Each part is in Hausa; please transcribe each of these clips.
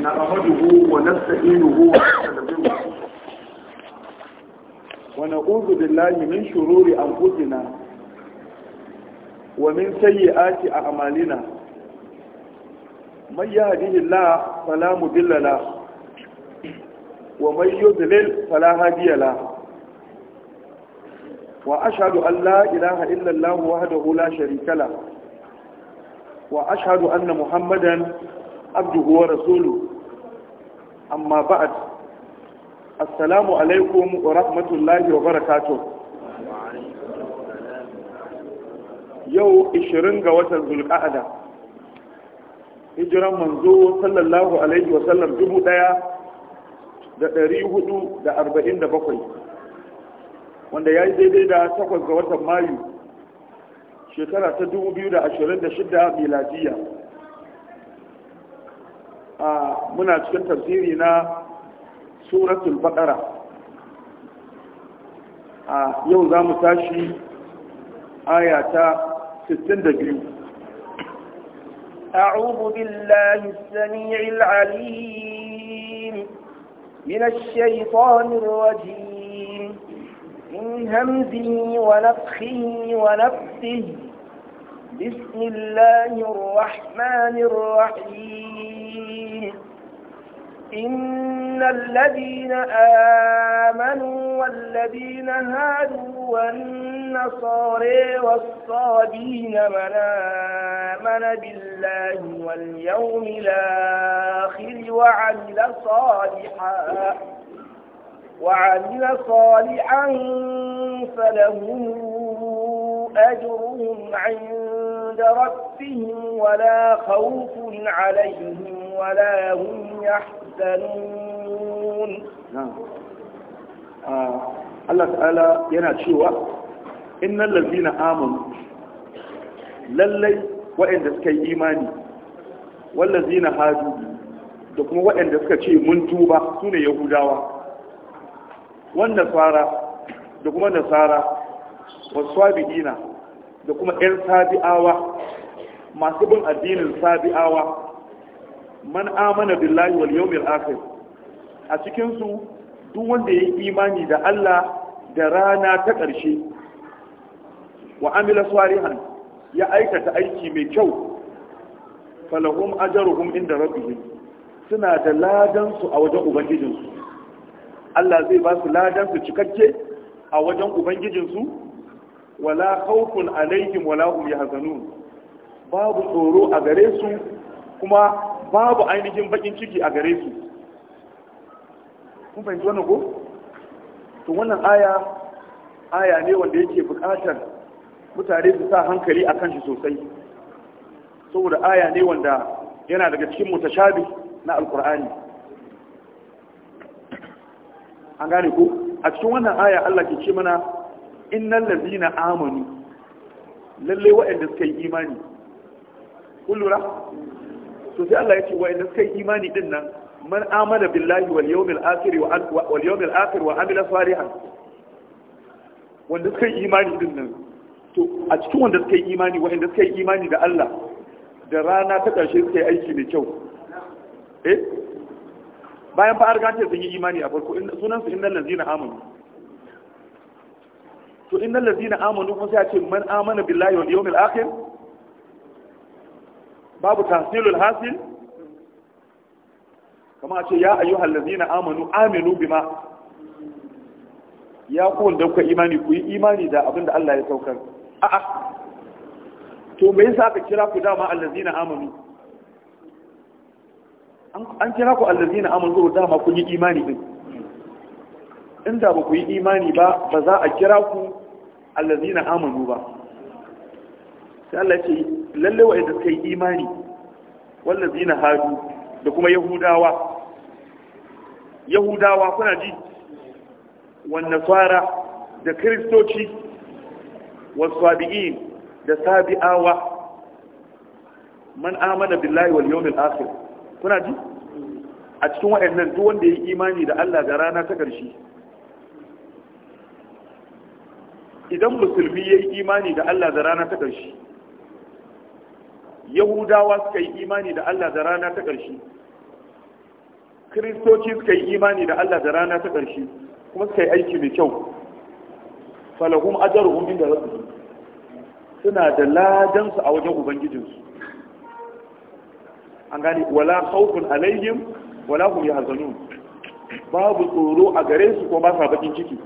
na ahaduhu wa nasta'inuhu wa nasta'inuhu wa na'udhu billahi min shururi anfusina wa min sayyiati a'malina may yahdihi Allah fala mudilla la wa may yudlil fala hadiya la wa ashhadu an la ilaha illa Allah wahdahu la sharika la wa ashhadu anna muhammadan abduhu wa amma ba'ad assalamu alaikum wa rahmatullahi wa barakatuh yau 20 ga watan zulqa'ada hijiran manzo sallallahu alaihi wa sallam dubu daya da dari hudu da arba'in da bakwai wanda ya yi daidai da takwas ga watan mayu shekara ta dubu biyu da ashirin da shida miladiyya muna cikin tafsiri na suratul baqara a yau za mu tashi aya ta 62 a'udhu billahi as-sami'il 'alim min ash-shaytanir rajim in hamdi wa nafthi wa nafthi Bismillahi الله الرحمن بهم إن الذين آمنوا والذين هادوا والنصارى والصابين من آمن بالله واليوم الآخر وعمل صالحا وعمل صالحا فلهم أجرهم عند عند ربهم ولا خوف عليهم ولا هم يحزنون Allah ta'ala yana cewa innal ladina amanu lallai waɗanda suka yi imani wallazina hadu da kuma waɗanda suka ce mun tuba sune yahudawa wannan fara da kuma nasara wasu sabiina da kuma 'yan sabi'awa masu bin addinin sabi'awa man amana billahi wal yawmil akhir a cikin su duk wanda yayi imani da Allah da rana ta ƙarshe wa amila salihan ya aikata aiki mai kyau falahum ajruhum inda rabbihim suna da ladan su a wajen ubangijinsu Allah zai ba su ladan su cikakke a wajen ubangijinsu wala khawfun alaihim wala hum yahzanun babu tsoro a gare su kuma babu ainihin bakin ciki a gare su kun fahimci wannan ko to wannan aya aya ne wanda yake buƙatar mutane su sa hankali a kan shi sosai saboda aya ne wanda yana daga cikin mutashabi na alkur'ani an gane ko a cikin wannan aya Allah ke ce mana innal ladina amanu lalle waɗanda suka yi imani kullura to sai Allah ya ce waɗanda suka yi imani din nan man amana billahi wal yawmil akhir wa wal yawmil akhir wa amila salihan wanda suka yi imani din nan to a cikin wanda suka yi imani waɗanda suka yi imani da Allah da rana ta ƙarshe suka yi aiki mai kyau eh bayan fa arganta sun yi imani a farko sunan su innal ladina amanu to innal ladina amanu kuma sai a ce man amana billahi wal yawmil akhir babu tahsilul hasil kama a ce ya ayyuhal ladina amanu aminu bima ya ku da kuka imani ku yi imani da abin da Allah ya saukar a'a to me yasa aka kira ku dama allazina amanu an kira ku allazina amanu dama kun yi imani din inda ba ku yi imani ba ba za a kira ku na amanu ba sai Allah ce lalle wa suka yi imani na hadu da kuma yahudawa yahudawa kuna ji wanda tsara da kiristoci wasu wasabi'in da sabi'awa man amana billahi wal yawmil akhir kuna ji a cikin waɗannan duk wanda ya yi imani da Allah da rana ta ƙarshe idan musulmi ya yi imani da Allah da rana ta ƙarshe yahudawa suka yi imani da Allah da rana ta ƙarshe kiristoci suka yi imani da Allah da rana ta ƙarshe kuma suka yi aiki mai kyau falahum ajruhum inda rabbihim suna da ladansu a wajen ubangijinsu an gane wala khawfun alaihim wala hum yahzanun babu tsoro a gare su ko ba sa bakin ciki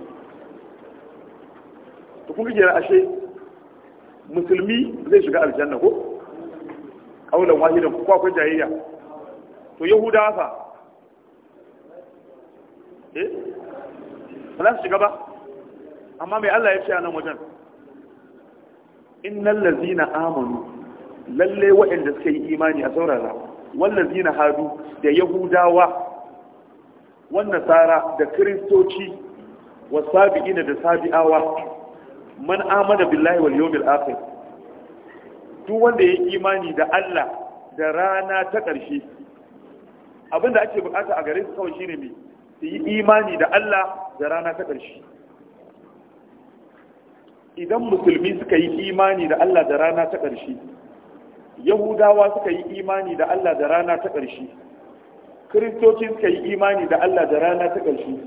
to kun kike ashe musulmi zai shiga aljanna ko kaulan wahidan ko akwai jayayya to yahuda fa eh ba za su shiga ba amma mai Allah ya ce a nan wajen innal lazina amanu lalle waɗanda suka yi imani a saurara wallazina hadu da yahudawa wannan tsara da kiristoci ina da sabi'awa man amana billahi wal yawmil akhir duk wanda ya imani da Allah da rana ta ƙarshe abinda ake bukata a gare su kawai shine me su yi imani da Allah da rana ta ƙarshe idan musulmi suka yi imani da Allah da rana ta ƙarshe yahudawa suka yi imani da Allah da rana ta ƙarshe kiristoci suka yi imani da Allah da rana ta ƙarshe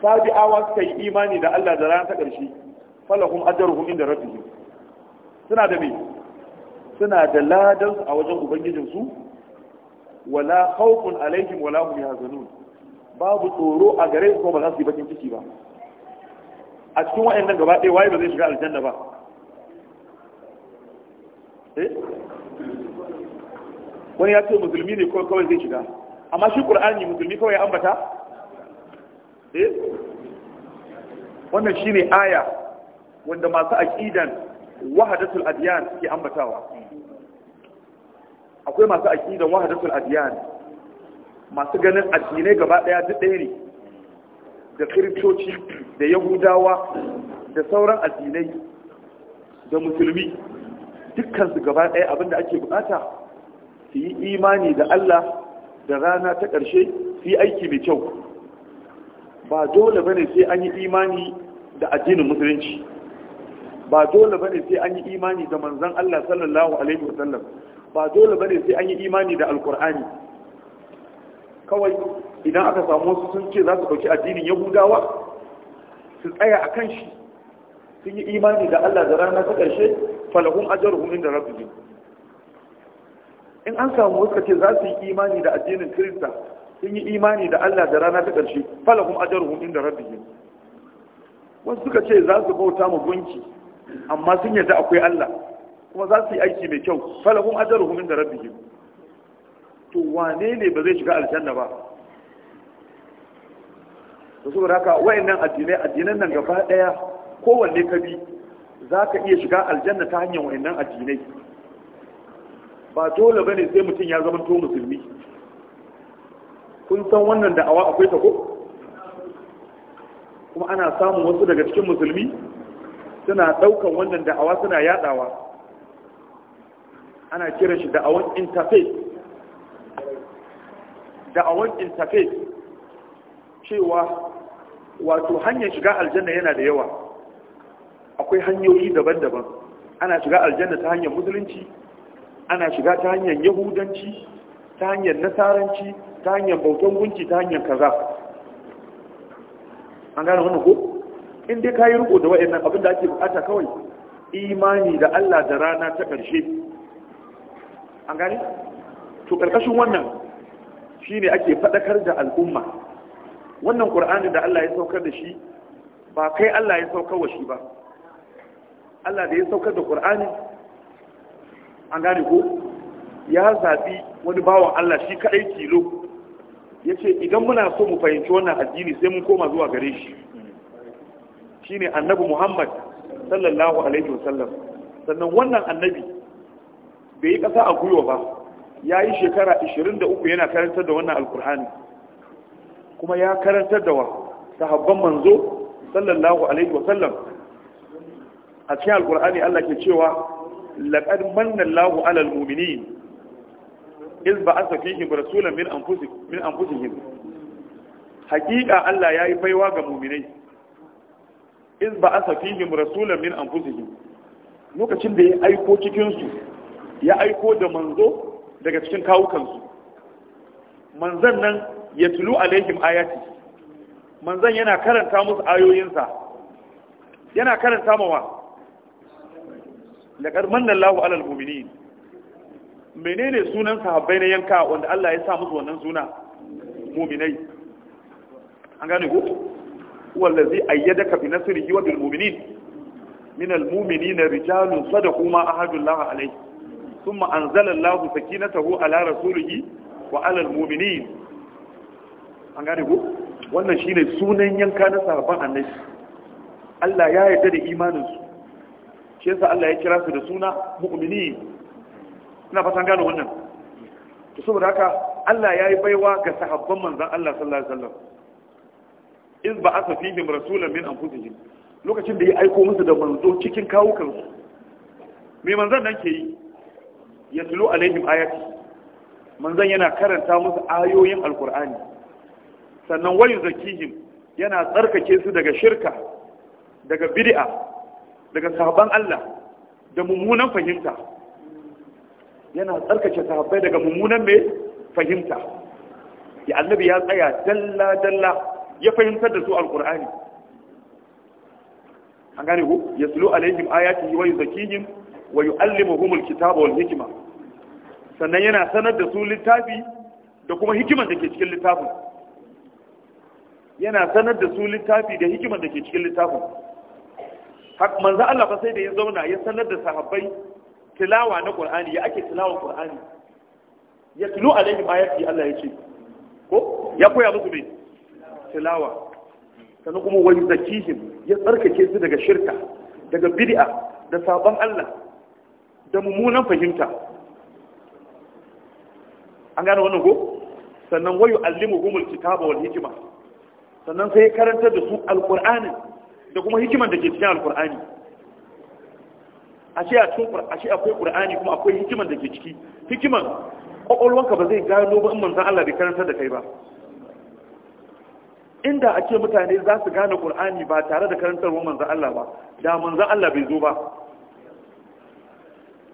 sabi'awa suka yi imani da Allah da rana ta ƙarshe falahum ajruhum inda rabbihim suna da me suna da ladan a wajen ubangijin su wala khawfun alaihim wala hum yahzanun babu tsoro a gare su ko ba za su yi bakin ciki ba a cikin wayannan gaba ɗaya waye ba zai shiga aljanna ba eh wani ya ce musulmi ne kawai zai shiga amma shi ƙur'ani musulmi kawai ya ambata eh wannan shine aya wanda masu aqidan wahadatul adyan ke ambatawa akwai masu aqidan wahadatul adyan masu ganin addinai gaba daya duk ɗaya ne da kiristoci da yahudawa da sauran addinai da musulmi dukkan su gaba daya abinda ake bukata su yi imani da Allah da rana ta ƙarshe su yi aiki mai kyau ba dole bane sai an yi imani da addinin musulunci ba dole bane sai an yi imani da manzon Allah sallallahu alaihi wasallam ba dole bane sai an yi imani da alkur'ani kawai idan aka samu wasu sun ce za su dauki addinin yahudawa su tsaya a kan shi sun yi imani da Allah da rana ta ƙarshe falahun ajaruhum inda rabbihim in an samu wasu ce za su yi imani da addinin kirista sun yi imani da Allah da rana ta ƙarshe falahun ajaruhum inda rabbihim wasu suka ce za su bauta mu gunki amma sun yarda akwai Allah kuma za su yi aiki mai kyau falahum ajruhum inda rabbihim to wane ne ba zai shiga aljanna ba to saboda haka wayannan addinai addinan nan gaba daya kowanne ka bi za ka iya shiga aljanna ta hanyar wayannan addinai ba dole bane sai mutum ya zama to musulmi kun san wannan da'awa akwai ta ko kuma ana samun wasu daga cikin musulmi suna daukan wannan da'awa suna yadawa ana kiran shi da'awan interface da'awan interface cewa wato hanyar shiga aljanna yana da yawa akwai hanyoyi daban-daban ana shiga aljanna ta hanyar musulunci ana shiga ta hanyar yahudanci ta hanyar nasaranci ta hanyar bautan gunci ta hanyar kaza an gane wannan ko in dai ka yi riko da wa'annan abin da ake bukata kawai imani da Allah da rana ta ƙarshe an gani to ƙarƙashin wannan shine ake faɗakar da al'umma wannan ƙur'ani da Allah ya saukar da shi ba kai Allah ya saukar wa shi ba Allah da ya saukar da ƙur'ani an gane ko ya zaɓi wani bawan Allah shi kaɗai tilo ya ce idan muna so mu fahimci wannan addini sai mun koma zuwa gare shi Shi ne annabi Muhammad sallallahu alaihi wasallam sannan wannan annabi bai yi ƙasa a gwiwa ba ya yi shekara 23 yana karantar da wannan alkur'ani kuma ya karantar da wa sahabban manzo sallallahu alaihi wasallam a cikin alkur'ani Allah ke cewa laqad mannan lahu 'alal mu'minin iz ba'atha fihim rasulan min anfusihim min anfusihim haqiqa Allah yi baiwa ga mu'minai iz ba asa fihim rasulan min anfusihim lokacin da ya aiko cikin su ya aiko da manzo daga cikin kawukansu manzan nan ya tulu alaihim ayati manzan yana karanta musu ayoyinsa yana karanta mawa laqad manna Allahu alal mu'minin menene sunan sahabbai na yanka wanda Allah ya sa musu wannan suna mu'minai an gane ko huwa allazi ayyadaka bi nasrihi wa bil mu'minin min al mu'minina rijalun sadaqu ma ahadullah alayhi thumma anzala Allahu sakinatahu ala an gane ku wannan ne sunan yanka na sahabban annabi Allah ya yarda da imaninsu. su shi yasa Allah ya kira su da suna mu'mini ina an gane wannan to saboda haka Allah ya yi baiwa ga sahabban manzon Allah sallallahu alaihi wasallam iz ba asa fihim rasulan min anfusihim lokacin da ya aiko musu da manzo cikin kawukan su me manzon nan ke yi ya tulu alaihim ayati manzon yana karanta musu ayoyin alqur'ani sannan wayu zakihim yana tsarkake su daga shirka daga bid'a daga sahaban Allah da mummunan fahimta yana tsarkake sahabbai daga mummunan mai fahimta ya annabi ya tsaya dalla dalla ya fahimtar da su alkur'ani an gane ku yaslu alaihim ayati wa yuzakkihim wa yuallimuhum alkitaba wal hikma sannan yana sanar da su littafi da kuma hikimar da ke cikin littafin yana sanar da su littafi da hikimar da ke cikin littafin manzo Allah fa sai da ya zauna ya sanar da sahabbai tilawa na Qur'ani ya ake tilawa Qur'ani ya tulu alaihim ayati Allah ya ce ko ya koya musu me tilawa sannan kuma wani zakihim ya tsarkake su daga shirka daga bid'a da sabon Allah da mummunan fahimta an gane wannan ko sannan wayu allimuhumul kitaba wal hikma sannan sai karanta da su alqur'ani da kuma hikiman da ke cikin alqur'ani ashe a cikin ashe akwai qur'ani kuma akwai hikiman da ke ciki hikiman kwakwalwanka ba zai gano ba in manzan Allah bai karanta da kai ba inda ake mutane za su gane ƙul'ani ba tare da karantarwar manzan Allah ba da manzan Allah bai zo ba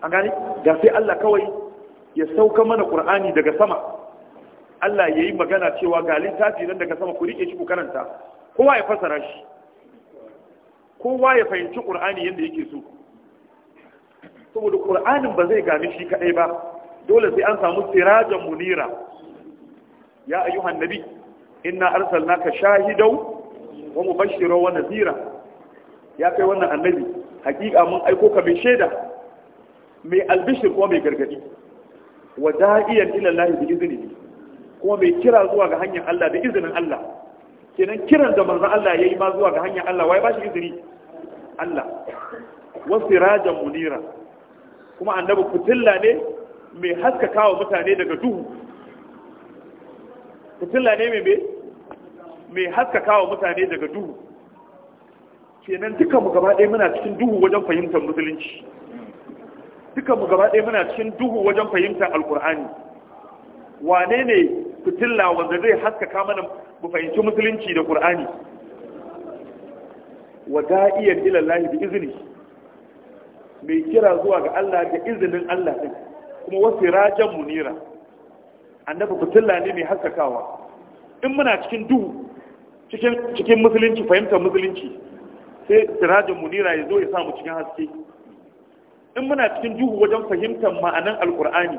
A gani da sai Allah kawai ya sauka mana ƙul'ani daga sama Allah ya yi magana cewa ga littafi nan daga sama ku riƙe shi ku karanta kowa ya fasara shi kowa ya fahimci ƙul'ani yadda yake so saboda qur'anin ba zai gane shi kaɗai ba dole sai an samu sirajan munira ya ayyuhan nabi inna arsalnaka shahidan wa mubashiran wa nadhira ya kai wannan annabi hakika mun aiko ka mai shaida mai albishir kuma mai gargadi wa da'iyan ila Allah bi iznihi kuma mai kira zuwa ga hanyar Allah da izinin Allah kenan kiran da manzo Allah yayi ma zuwa ga hanyar Allah wai ba shi izini Allah wa sirajan munira kuma annabi fitilla ne mai haskakawa mutane daga duhu fitila ne mai mai haskaka wa mutane daga duhu kenan dukkan mu gaba ɗaya muna cikin duhu wajen fahimtar musulunci dukkan mu gaba ɗaya muna cikin duhu wajen fahimtar alkur'ani wane ne fitilla wanda zai haskaka mana mu fahimci musulunci da qur'ani wa da'iyan ila Allah bi izni mai kira zuwa ga Allah da izinin Allah din kuma mu munira annabi fitilla ne mai haskakawa in muna cikin duhu cikin musulunci fahimtar musulunci sai sirajin munira ya zo ya samu cikin haske in muna cikin duhu wajen fahimtar ma'anan alkur'ani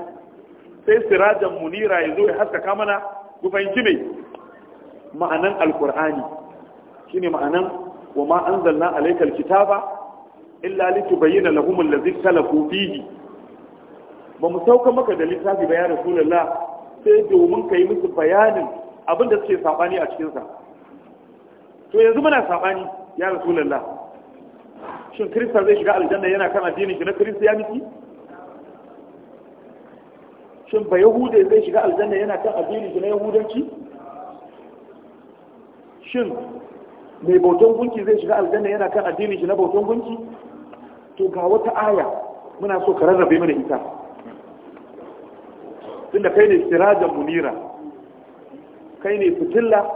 sai sirajin munira ya zo ya haskaka mana ku fahimci mai ma'anan alkur'ani shine ma'anan wa ma an anzalna alayka alkitaba illa litubayyana lahum allazi ikhtalafu fihi ba mu sauka maka da littafi ba ya rasulullah sai domin ka yi musu bayanin abin da suke saɓani a cikinsa to yanzu muna saɓani ya rasu lalla. shin kirista zai shiga aljanna yana kan addinin shi na kirista ya miki shin ba yahudai zai shiga aljanna yana kan addinin shi na yahudanci shin mai bautan gunki zai shiga aljanna yana kan addinin shi na bautan gunki to ga wata aya muna so ka rarrabe mana ita tunda kai ne sirajan munira kai ne fitilla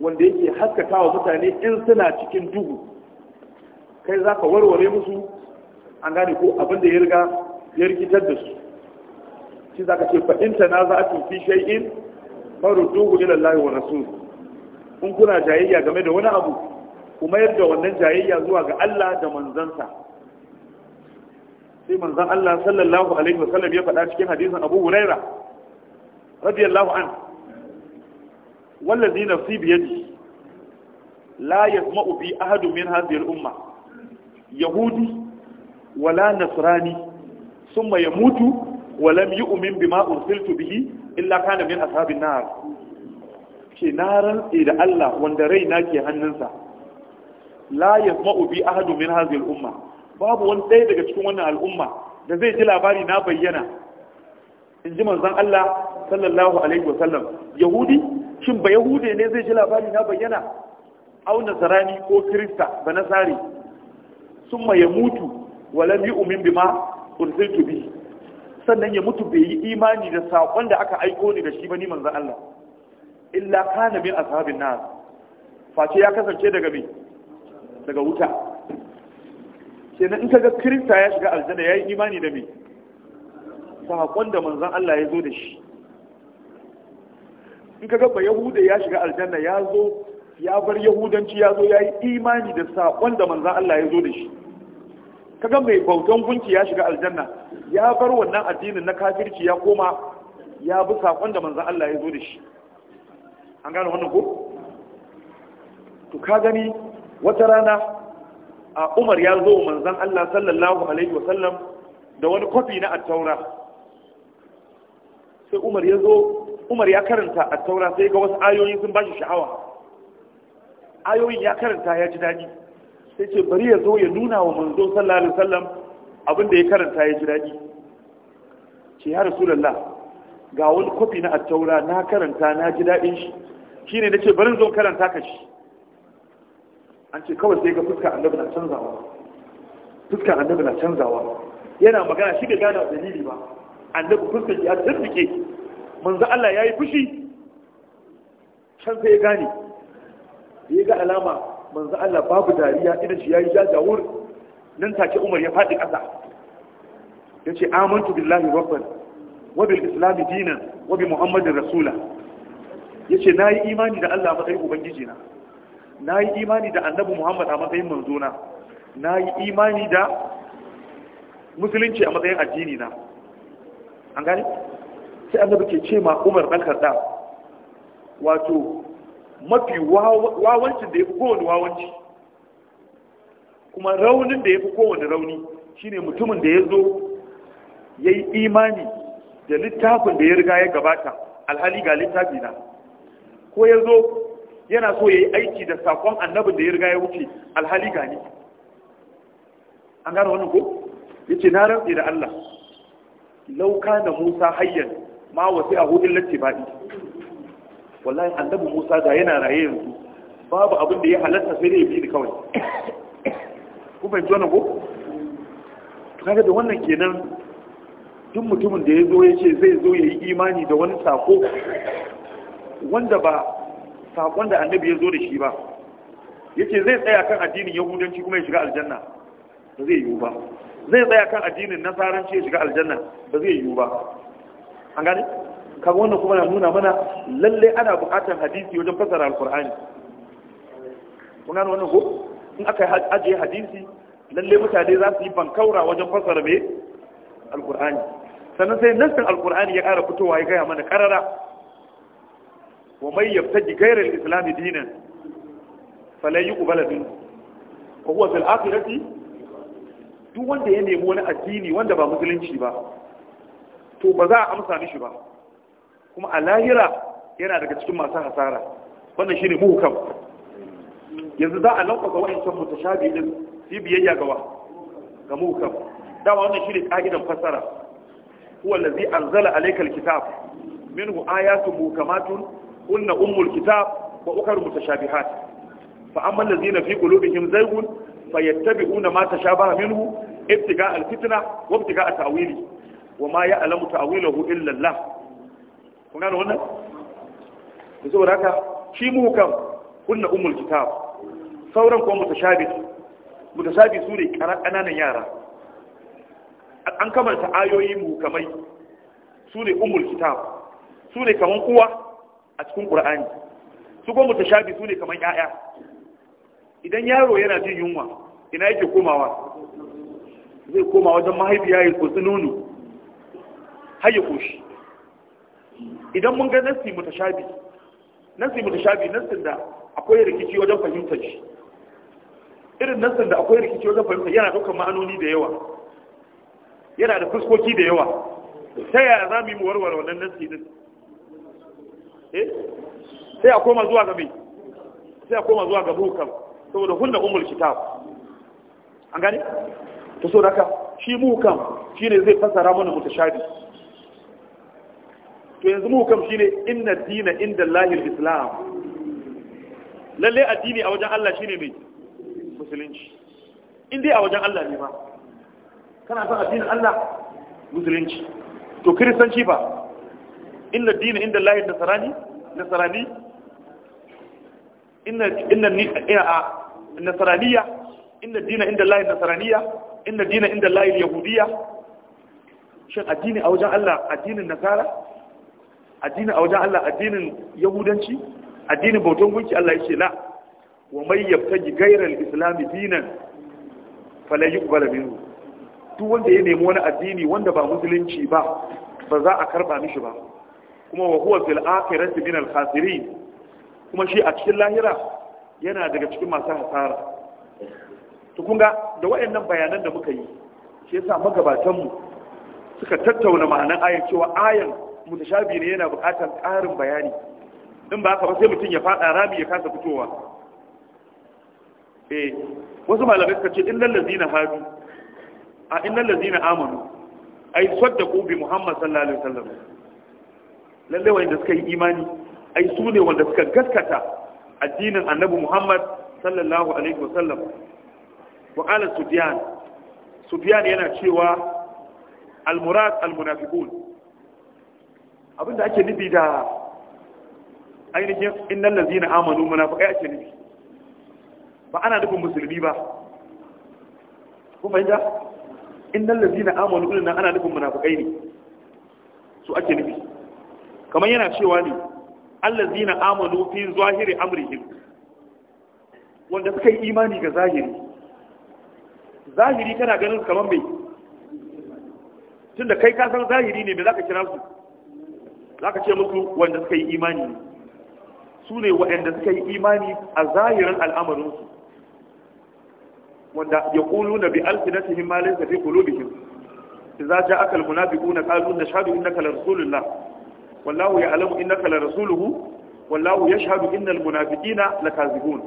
wanda yake haskaka wa mutane in suna cikin duhu kai za ka warware musu an gane ko abin da ya riga ya rikitar da su shi za ka ce fa'inta na za a tufi shai'in faru duhu ila Allah wa rasul in kuna jayayya game da wani abu kuma yadda wannan jayayya zuwa ga Allah da manzansa sai manzon Allah sallallahu alaihi wasallam ya faɗa cikin hadisin Abu Huraira radiyallahu an wallazi nafsi bi la yasma'u bi ahadun min hadhihi al-umma yahudi wala nasrani thumma yamutu wa lam yu'min bima ursiltu bihi illa kana min ashabin nar ke na rantse da Allah wanda raina ke hannunsa la yasma'u bi ahadun min hadhihi al-umma babu wani ɗaya daga cikin wannan al'umma da zai ji labari na bayyana in ji manzan Allah sallallahu alaihi wasallam yahudi shin ba Yahudi ne zai ji labari na bayyana au nasarani ko kirista ba nasari summa ya mutu yi yu'min bima ursiltu bi sannan ya mutu bai yi imani da sakon da aka aiko ni da shi ba ni manzan Allah illa kana min ashabin nasu? face ya kasance daga me daga wuta kenan in kaga kirista ya shiga aljanna yayi imani da me sakon da manzon Allah ya zo da shi in kaga ba yahuda ya shiga aljanna ya zo ya bar yahudanci ya zo yayi imani da sakon da manzon Allah ya zo da shi kaga mai bautan gunki ya shiga aljanna ya bar wannan addinin na kafirci ya koma ya bi sakon da manzon Allah ya zo da shi an gane wannan ko to ka gani wata rana a umar ya zo manzan Allah sallallahu alaihi wasallam da wani kwafi na attaura sai umar ya zo umar ya karanta attaura sai ga wasu ayoyi sun bashi sha'awa ayoyin ya karanta ya ji daɗi sai ce bari ya zo ya nuna wa manzo sallallahu alaihi wasallam abin da ya karanta ya ji daɗi ce ya rasulullah ga wani kwafi na attaura na karanta na ji daɗin shi shine ce bari zo karanta ka shi an ce kawai sai ga fuskar annabi na canzawa fuskar annabi na canzawa yana magana shi ga gana dalili ba annabi fuskar ya tsirrike manzo Allah ya fushi can sai ya gane ya ga alama manzo Allah babu dariya idan shi ya yi jajawur nan take Umar ya faɗi kasa ya ce amantu billahi rabban wa bil islami dinan wa bi muhammadin rasula ya ce na yi imani da Allah matsayin ubangiji na na yi imani da annabi muhammad a matsayin manzona na yi imani da musulunci a matsayin addini na an gani sai annabi ke ce ma umar ɗan karɗa wato mafi wawancin da ya fi kowane wawanci kuma raunin da ya fi kowane rauni shine mutumin da ya zo ya yi imani da littafin da ya riga ya gabata alhali ga littafi na ko ya zo yana so ya yi aiki da sakon annabin da ya riga ya wuce alhali gani an gano wannan ko ya ce na rantsi da Allah lauka na Musa hayyan ma wasu a hudun latti baɗi wallahi annabi Musa da yana raye yanzu babu abin da ya halatta sai da ya kawai ku fahimci wannan ko kaga da wannan kenan duk mutumin da ya zo ya ce zai zo ya yi imani da wani sako wanda ba saƙon da annabi ya zo da shi ba yake zai tsaya kan addinin yahudanci kuma ya shiga aljanna ba zai yiwu ba zai tsaya kan addinin nasaranci ya shiga aljanna ba zai yiwu ba an gane kaga wannan kuma na nuna mana lalle ana buƙatar hadisi wajen fasara alqur'ani kun gane wannan ko in aka ajiye hadisi lalle mutane za su yi bankaura wajen fasara me alqur'ani sannan sai nassin alqur'ani ya ƙara fitowa ya gaya mana karara wa mai yabtaji gairar islami dinan falai yi ƙubaladin ko huwa fil akhirati duk wanda ya nemi wani addini wanda ba musulunci ba to ba za a amsa mishi ba kuma a lahira yana daga cikin masu hasara wannan shine kam. yanzu za a lankwasa wa'ancan mutashabi din fi biyayya gawa ga muhukam dama wannan shine ka'idan fassara huwa allazi anzala alayka alkitab minhu ayatun muhkamatun Kunna ummul kitab wa ukhar mutashabihat fa amma allazina fi qulubihim zaygun fayattabi'una ma tashabaha minhu ibtiga alfitna wa ibtiga ta'wili wa ma ya'lamu ta'wilahu illa Allah kun gano wannan to saboda haka shi mu kan kunna ummul kitab sauran kuma mutashabih mutashabih su ne kananan yara an kamanta ayoyi mu kamai su ne ummul kitab su ne kaman uwa a cikin ƙura'ani su ta shafi su ne kamar ƴaƴa idan yaro yana jin yunwa ina yake komawa zai koma wajen mahaifiya ya kusa nono har ya koshi idan mun ga nasi mu nasi shafi nasin da akwai rikici wajen fahimtar shi irin nasin da akwai rikici wajen fahimtar yana ɗaukar ma'anoni da yawa yana da fuskoki da yawa ta yaya za mu yi warware wannan nasi din sai a koma zuwa gabi sai a koma zuwa ga buhukam saboda hunna umul kitab an gane to so daga shi muhukam shine zai fasara mana mutashabi to yanzu muhukam shine inna dina inda lahil islam lalle addini a wajen Allah shine mai musulunci in dai a wajen Allah ne ba kana son addini Allah musulunci to kiristanci ba inna dina inda lahil nasarani nasarani inna ni a nasaraniya inna dina inda Allah nasaraniya inna dina inda Allah yahudiya shin addini a wajen Allah addinin nasara addini a wajen Allah addinin yahudanci addinin bautan gunki Allah yake la wa mai yabtaji ghayra al-islam dinan fala yuqbal minhu duk wanda ya nemi wani addini wanda ba musulunci ba ba za a karba mishi ba kuma wa huwa fil akhirati min al khasirin kuma shi a cikin lahira yana daga cikin masu hasara to kun ga da wayannan bayanan da muka yi shi yasa magabatan mu suka tattauna ma'anan ayar cewa ayar mutashabi ne yana buƙatar ƙarin bayani in ba haka ba sai mutum ya faɗa rami ya kasa fitowa eh wasu malamai suka ce innal ladina hadu a innal ladina amanu ay saddaqu bi muhammad sallallahu alaihi wasallam Lallai wanda suka yi imani ai su ne wanda suka gaskata addinin annabi Muhammad sallallahu alaihi wasallam wa qala sufyan sufyan yana cewa al murad al munafiqun abinda ake nufi da ainihin innal ladzina amanu munafiqai ake nufi ba ana nufin musulmi ba kun fahimta innal ladzina amanu din ana nufin munafiqai ne su ake nufi kamar yana cewa ne Allah zina amanu fi zahiri amrihim wanda suka yi imani ga zahiri zahiri kana ganin kamar mai tunda kai kasar zahiri ne me ka kira su Za ka ce musu wanda suka yi imani ne su ne waɗanda suka yi imani a zahirin al'amarinsu wanda ya ƙulu na bi alfinatihim ma laysa fi qulubihim idza ja'aka almunafiquna qalu nashhadu innaka la rasulullah wallahu ya'lamu innaka la rasuluhu wallahu yashhadu innal munafiqina lakazibun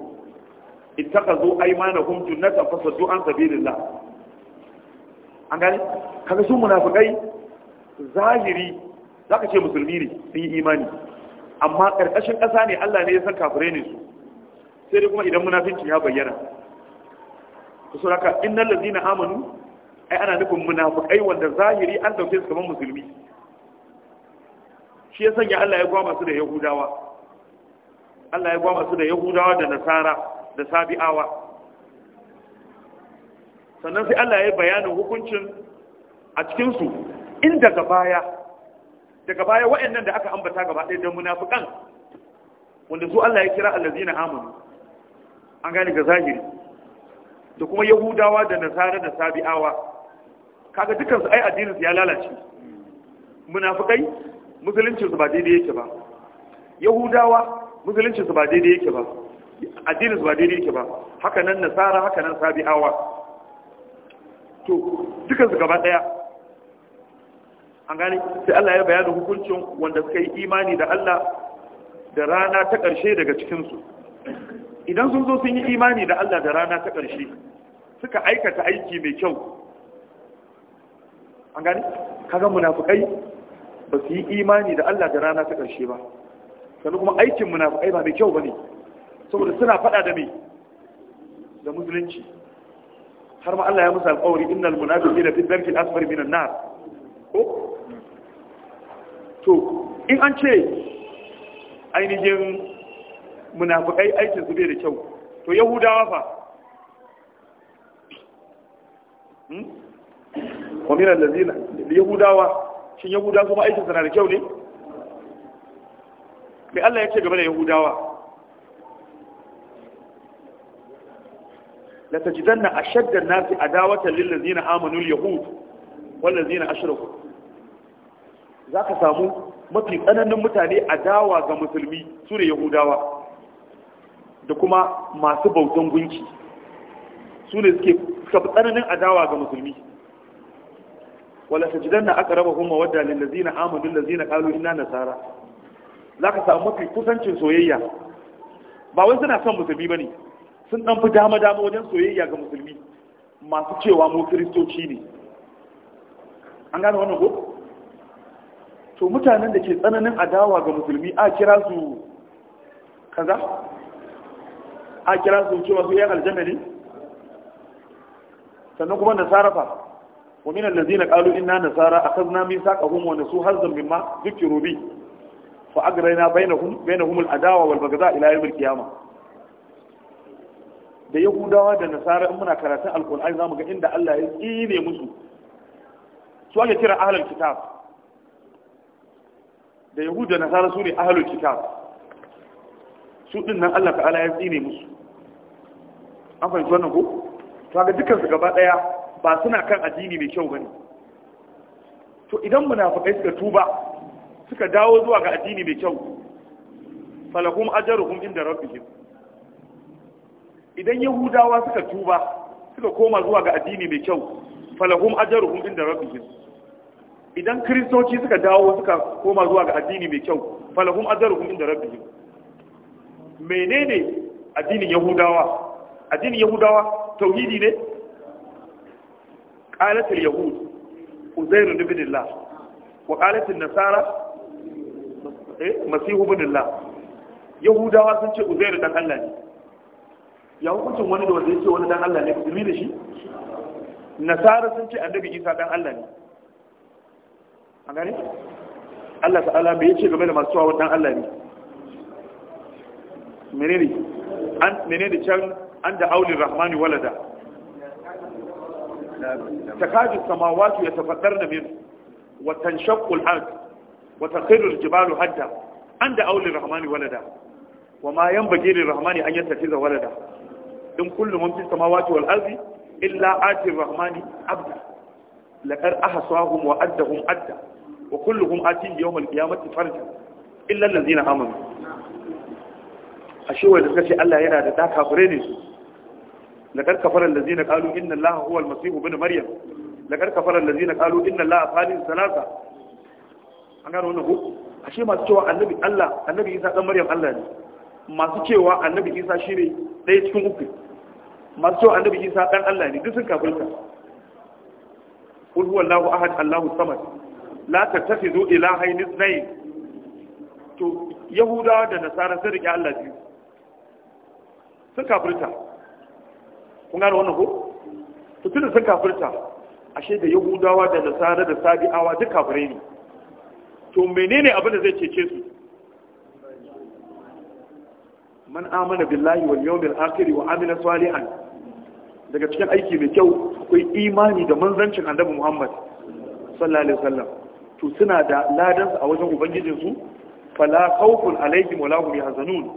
ittakazu aymanahum junnatan fasaddu an sabilillah an gane kaga su munafikai zahiri zaka ce musulmi ne sun yi imani amma ƙarƙashin ƙasa ne Allah ne ya san kafirai ne su sai dai kuma idan munafinci ya bayyana ku sauraka innal ladina amanu ai ana nufin munafikai wanda zahiri an dauke su kamar musulmi shi ya sanya Allah ya gwama su da yahudawa Allah ya gwama su da yahudawa da nasara da sabi'awa sannan sai Allah ya bayanin hukuncin a cikinsu in daga baya daga baya wa'annan da aka ambata gaba ɗaya don munafukan wanda su Allah ya kira allazina amanu an gane ga zahiri da kuma yahudawa da nasara da sabi'awa kaga dukansu ai addinin su ya lalace munafukai musuluncinsu ba daidai yake ba yahudawa musuluncinsu ba daidai yake ba addininsu ba daidai yake ba haka nan nasara haka nan sabi'awa to dukansu gaba daya an gane sai Allah ya bayyana hukuncin wanda suka yi imani da Allah da rana ta ƙarshe daga cikinsu idan sun zo sun yi imani da Allah da rana ta ƙarshe suka aikata aiki mai kyau an gane kaga munafukai ba su yi imani da Allah da rana ta ƙarshe ba sannu kuma aikin munafukai ba mai kyau ba ne saboda suna faɗa da mai da musulunci har ma Allah ya musu alƙawari innal munafiqina fi dharkil asfar minan nar ko to in an ce ainihin munafukai aikin su bai da kyau to yahudawa fa hmm? wa min allazina yahudawa shin yahudawa kuma aikin sana da kyau ne mai Allah ya ce game da yahudawa la na a shaddar nasi a dawatar ladzina zina al-yahud wal ladzina Za ka samu mafi tsananin mutane adawa ga musulmi su ne yahudawa da kuma masu bautan gunki su ne suke tsananin adawa ga musulmi wala tajidanna aqrabahum mawadda lil ladina amanu lil ladina qalu inna nasara zaka samu mafi kusancin soyayya ba wai suna son musulmi bane sun dan fi dama dama wajen soyayya ga musulmi masu cewa mu kristoci ne an gane wannan ko to mutanen da ke tsananin adawa ga musulmi a kira su kaza a kira su cewa su yan aljanna ne sannan kuma nasara fa ومن الذين قالوا qalu نصارى nasara akhadna mithaqahum wa nasu hazzan mimma dhukiru bi بينهم agrayna bainahum bainahum al-adawa da yahudawa da nasara in muna karatun za mu ga inda Allah ya tsine musu su ake kira ahlul kitab da yahuda da nasara su ne ahlul kitab su din nan Allah ta'ala ya tsine musu an fahimci wannan ko to ga dukkan su gaba daya ba suna kan addini mai kyau bane to idan munafikai suka tuba suka dawo zuwa ga addini mai kyau falakum ajruhum inda rabbihim idan yahudawa suka tuba suka koma zuwa ga addini mai kyau falahum ajruhum inda rabbihim idan kristoci suka dawo suka koma zuwa ga addini mai kyau falahum ajruhum inda rabbihim menene addinin yahudawa addinin yahudawa tauhidi ne قالت اليهود عزير بن الله وقالت النصارى مسيح بن الله يهودا sun ce Uzairu dan Allah ne ya hukuncin wani da wanda yake wani dan Allah ne musulmi da shi nasara sun ce annabi Isa dan Allah ne an gane Allah ta'ala bai yace game da masu cewa dan Allah ne menene can an da aulin rahmani walada takadu samawati yatafaddarna min wa tanshaqqu al-ard wa taqiru jibalu hadda anda awli rahmani walada wa ma yanbaghi lir-rahmani an yattakhidha walada in kullu man fis samawati wal ardi illa ati ar-rahmani abda laqad ahsahum wa addahum adda wa kulluhum ati yawm al-qiyamati ashe wanda suka ce Allah yana da daka fure ne su laqad kafara allazina qalu inna allaha huwa al-masih ibn maryam laqad kafara allazina qalu inna allaha thalith thalatha an gano wannan ko ashe masu cewa annabi Isa dan Maryam Allah ne masu cewa annabi Isa shine ɗaya cikin uku masu cewa annabi Isa dan Allah ne duk sun kafirta qul huwallahu Allahu samad la tattakhidhu to yahudawa da nasara sun rike Allah biyu sun kafirta kun gane wannan ko to tunda sun kafirta ashe da yahudawa da nasara da sabi'awa duk kafirai ne to menene abin da zai cece su man amana billahi wal yawmil akhir wa amila salihan daga cikin aiki mai kyau akwai imani da manzancin annabi Muhammad sallallahu alaihi wasallam to suna da ladansu a wajen ubangijin su fala khawfun alaihim wa lahum yahzanun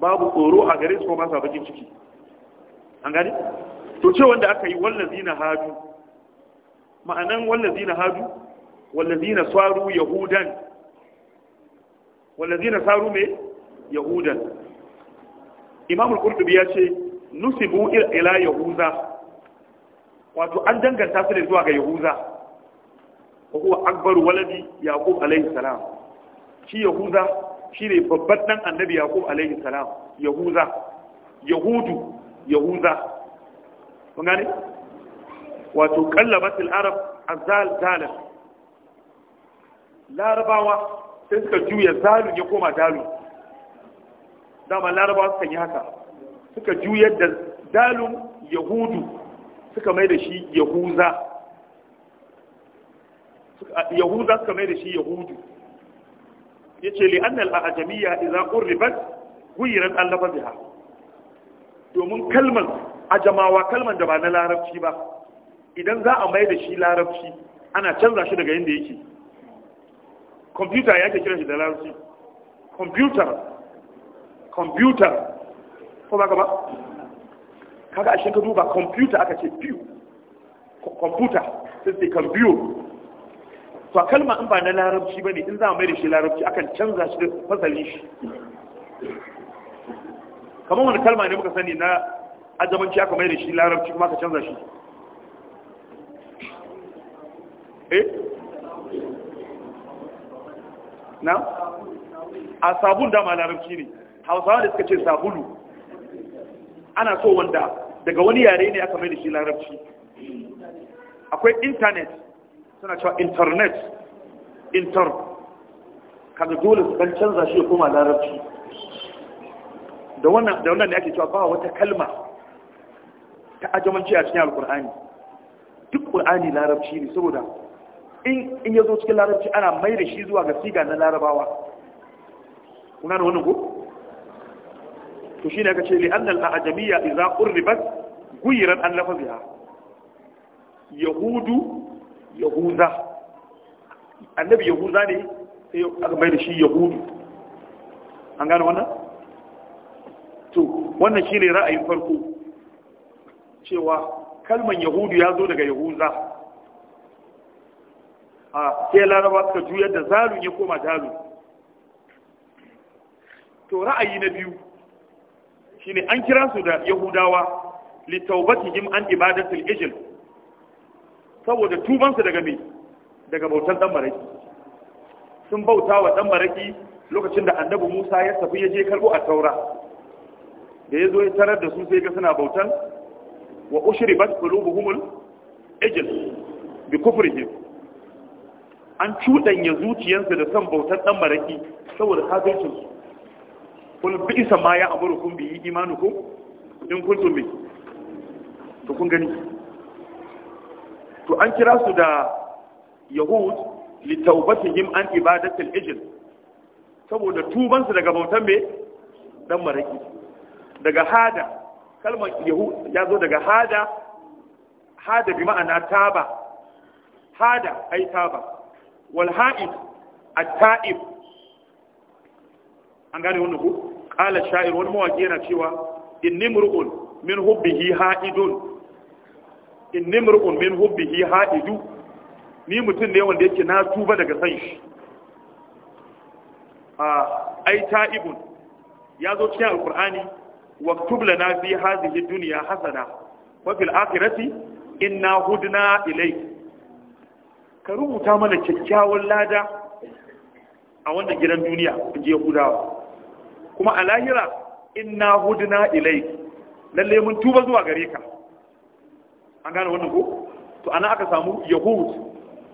babu tsoro a gare su ko ba sa bakin ciki an gani to ce wanda aka yi wallazina hadu ma'anan wallazina hadu wallazina saru yahudan wallazina saru me yahudan imam al-qurtubi ya ce nusibu ila yahuza wato an danganta su ne zuwa ga yahuza ko kuwa akbaru waladi yaqub alayhi salam shi yahuza shine babban dan annabi yaqub alayhi salam yahuza yahudu yahuza kun gane wato kallabatul arab azal zalim larabawa sai suka juya zalun ya koma dalun dama larabawa suka yi haka suka juyar da dalun yahudu suka mai da shi yahuza yahuza suka mai da shi yahudu ya ce li'annal a ajamiya idan ƙurribat guyiran allafa biha domin kalman a jamawa kalman da ba na larabci ba idan za a mai da shi larabci ana canza shi daga yadda yake kwamfuta ya ke kiran shi da larabci kwamfutar kwamfutar ko ba ka ba kaga ashe ka duba kwamfuta aka ce biyu kwamfuta sai sai biyu to kalma in ba na larabci ba ne in za a mai da shi larabci akan canza shi da fasalin shi kamar wani kalma ne muka sani na ajamanci aka mai da shi larabci kuma aka canza shi eh na a sabun dama larabci ne hausawa da suka ce sabulu ana so wanda daga wani yare ne aka mai da shi larabci akwai intanet suna cewa internet inter kaga dole su kan canza shi ya koma larabci da wannan da wannan ne ake cewa ba wata kalma ta ajamanci a cikin alkur'ani duk qur'ani larabci ne saboda in in yazo cikin larabci ana mai da shi zuwa ga siga na larabawa kuna da wannan ko to shine aka ce li anna al-ajamiyya idza qurribat guyiran an lafaziha yahudu yahuza annabi yahuza ne sai aka mai da shi yahudu an gane wannan to wannan shi ne ra'ayin farko cewa kalman yahudu ya zo daga yahuza a sai laraba suka juyar da zalun ya koma zalun to ra'ayi na biyu shi ne an kira su da yahudawa jim an ibadatul ijil saboda tubansu daga mai daga bautan dan maraki sun bauta wa dan maraki lokacin da annabi musa ya tafi ya je karbo a taura da ya zo ya tarar da su sai ga suna bautan wa ushribat qulubuhumul ijl bi kufrihim an cuɗanya zuciyansu da san bautan dan maraki saboda kafircin su bi isa ma ya kun bi ku in kun tumbi to kun gani to an kira su da yahud li taubatihim an ibadatil ejil saboda tubansu daga bautan me dan maraki daga hada kalmar yahu ya zo daga hada hada bi ma'ana taba hada ai taba wal ha'id at-ta'ib an gane wannan ku qala sha'ir wani mawaki yana cewa inni mur'un min hubbihi ha'idun inni mur'un min hubbihi ha'idu ni mutum ne wanda yake na tuba daga san shi a ah, ai ta'ibun ya zo cikin alqur'ani waktub lana fi hadhihi dunya hasana wa fil akhirati inna hudna ilayk ka rubuta mana kyakkyawan lada a wannan gidan duniya je yahudawa kuma a lahira inna hudna ilayk lalle mun tuba zuwa gare ka an gane wannan ko to ana aka samu yahud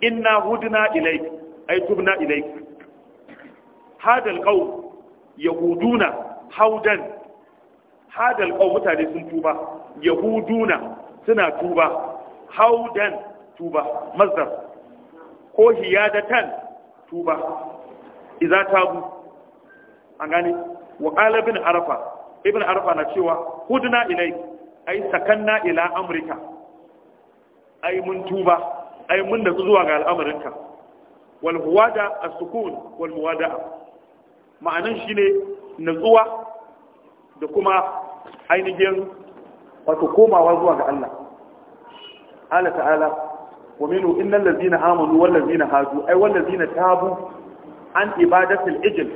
inna hudna ilayk ay tubna ilayk hada alqaw yahuduna haudan hadal qaw mutane sun tuba yahuduna suna tuba haudan tuba mazdar ko hiyadatan tuba idza tabu an gane wa qala bin arafa ibn arafa na cewa huduna ilai ai sakanna ila amrika ai mun tuba ai mun da zuwa ga al'amarinka wal huwada as-sukun wal shi ma'anan shine natsuwa da kuma ainihin wato komawa zuwa ga Allah Allah ta'ala wa minu innal ladzina amanu wal ladzina hadu Ai wal ladzina tabu an ibadatul ijl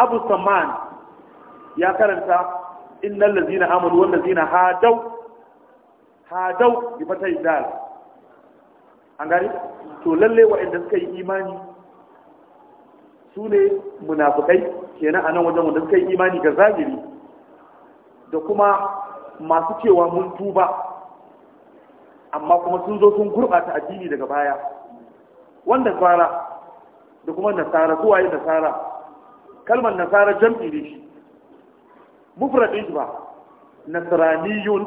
Abu Saman ya karanta innal ladzina amanu wal ladzina hadaw hadaw bi fatai dal an gari to lalle wa'anda suka yi imani su ne munafukai kenan anan wajen wanda suka yi imani ga zahiri da kuma masu cewa mun tuba amma kuma sun zo sun gurɓata addini daga baya wanda tsara da kuma nasara zuwa yin nasara kalmar nasara jam'i ne shi mufradin ba nasraniyun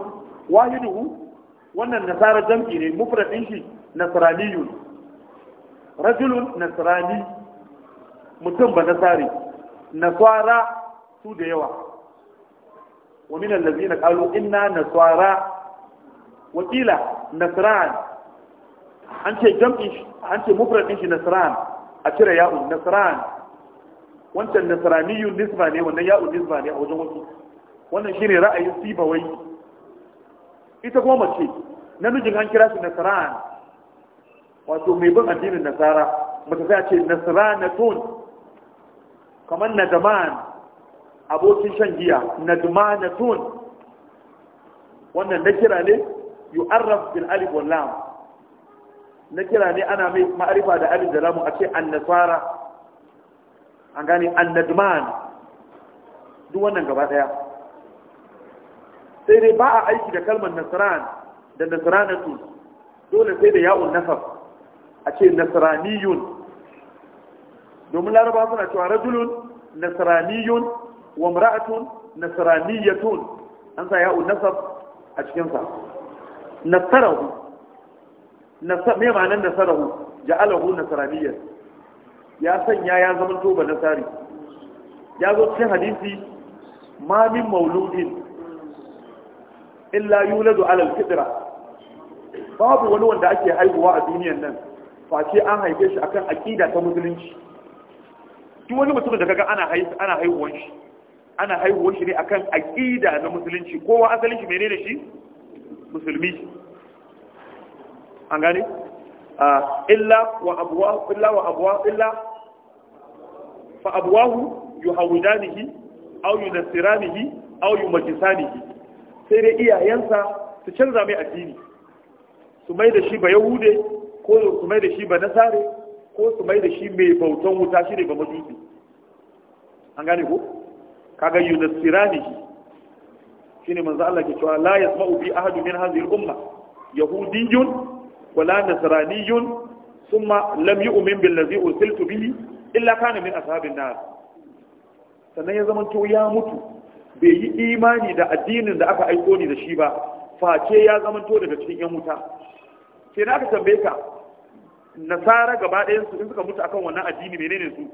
wahiduhu wannan nasara jam'i ne mufradin shi nasraniyun rajulun nasrani mutum ba nasari nasara su da yawa wa min allazina qalu inna nasara wa nasran an ce jam'in an ce mufradin nasran a cire ya'u nasran wancan nasraniyyu nisba ne wannan ya'u nisba ne a wajen wasu wannan shine ra'ayin sibawai ita kuma mace namijin an kira shi nasran wato mai ban addinin nasara mace sai a ce kamar nadaman abokin shan giya na dumanatun wannan na kira ne yu'arraf bil alif wal lam na kira ne ana mai ma'arifa da alif da lamu a ce annasara an gane annadman duk wannan gaba daya sai dai ba a aiki da kalmar nasran da nasranatu dole sai da ya'un nasab a ce nasraniyun domin laraba suna cewa rajulun nasraniyun wa imra'atun nasraniyatun an sa ya'u nasab a cikin sa nasarahu nasab me ma'anar nasarahu ja'alahu nasraniyyan ya sanya ya zama to ba nasari ya zo cikin hadisi ma min mauludin illa yuladu ala al-fitra babu wani wanda ake haihuwa a duniyan nan face an haife shi akan aqida ta musulunci duk wani mutumin da kaga ana haihuwan shi ana haihuwar shi ne akan aqida na musulunci kowa asalin shi menene shi musulmi an gane illa wa abwa illa wa abwa illa fa abwahu yuhawidanihi aw yunasiranihi aw yumajisanihi sai dai iyayensa su canza mai addini su mai da shi ba yahude ko su mai da shi ba nasare ko su mai da shi mai bautan wuta shi ne ba majusi an gane ko kaga yunassiranihi shine manzo Allah ke cewa la yasma'u bi ahadu min hadhihi al-umma yahudiyyun wala nasraniyyun thumma lam yu'min bil ladzi ursiltu bihi illa kana min ashabin nar sannan ya zamanto ya mutu bai yi imani da addinin da aka aiko ni da shi ba face ya zamanto daga cikin yan wuta sai na aka tambaye ka nasara gaba ɗayan su in suka mutu akan wannan addini menene su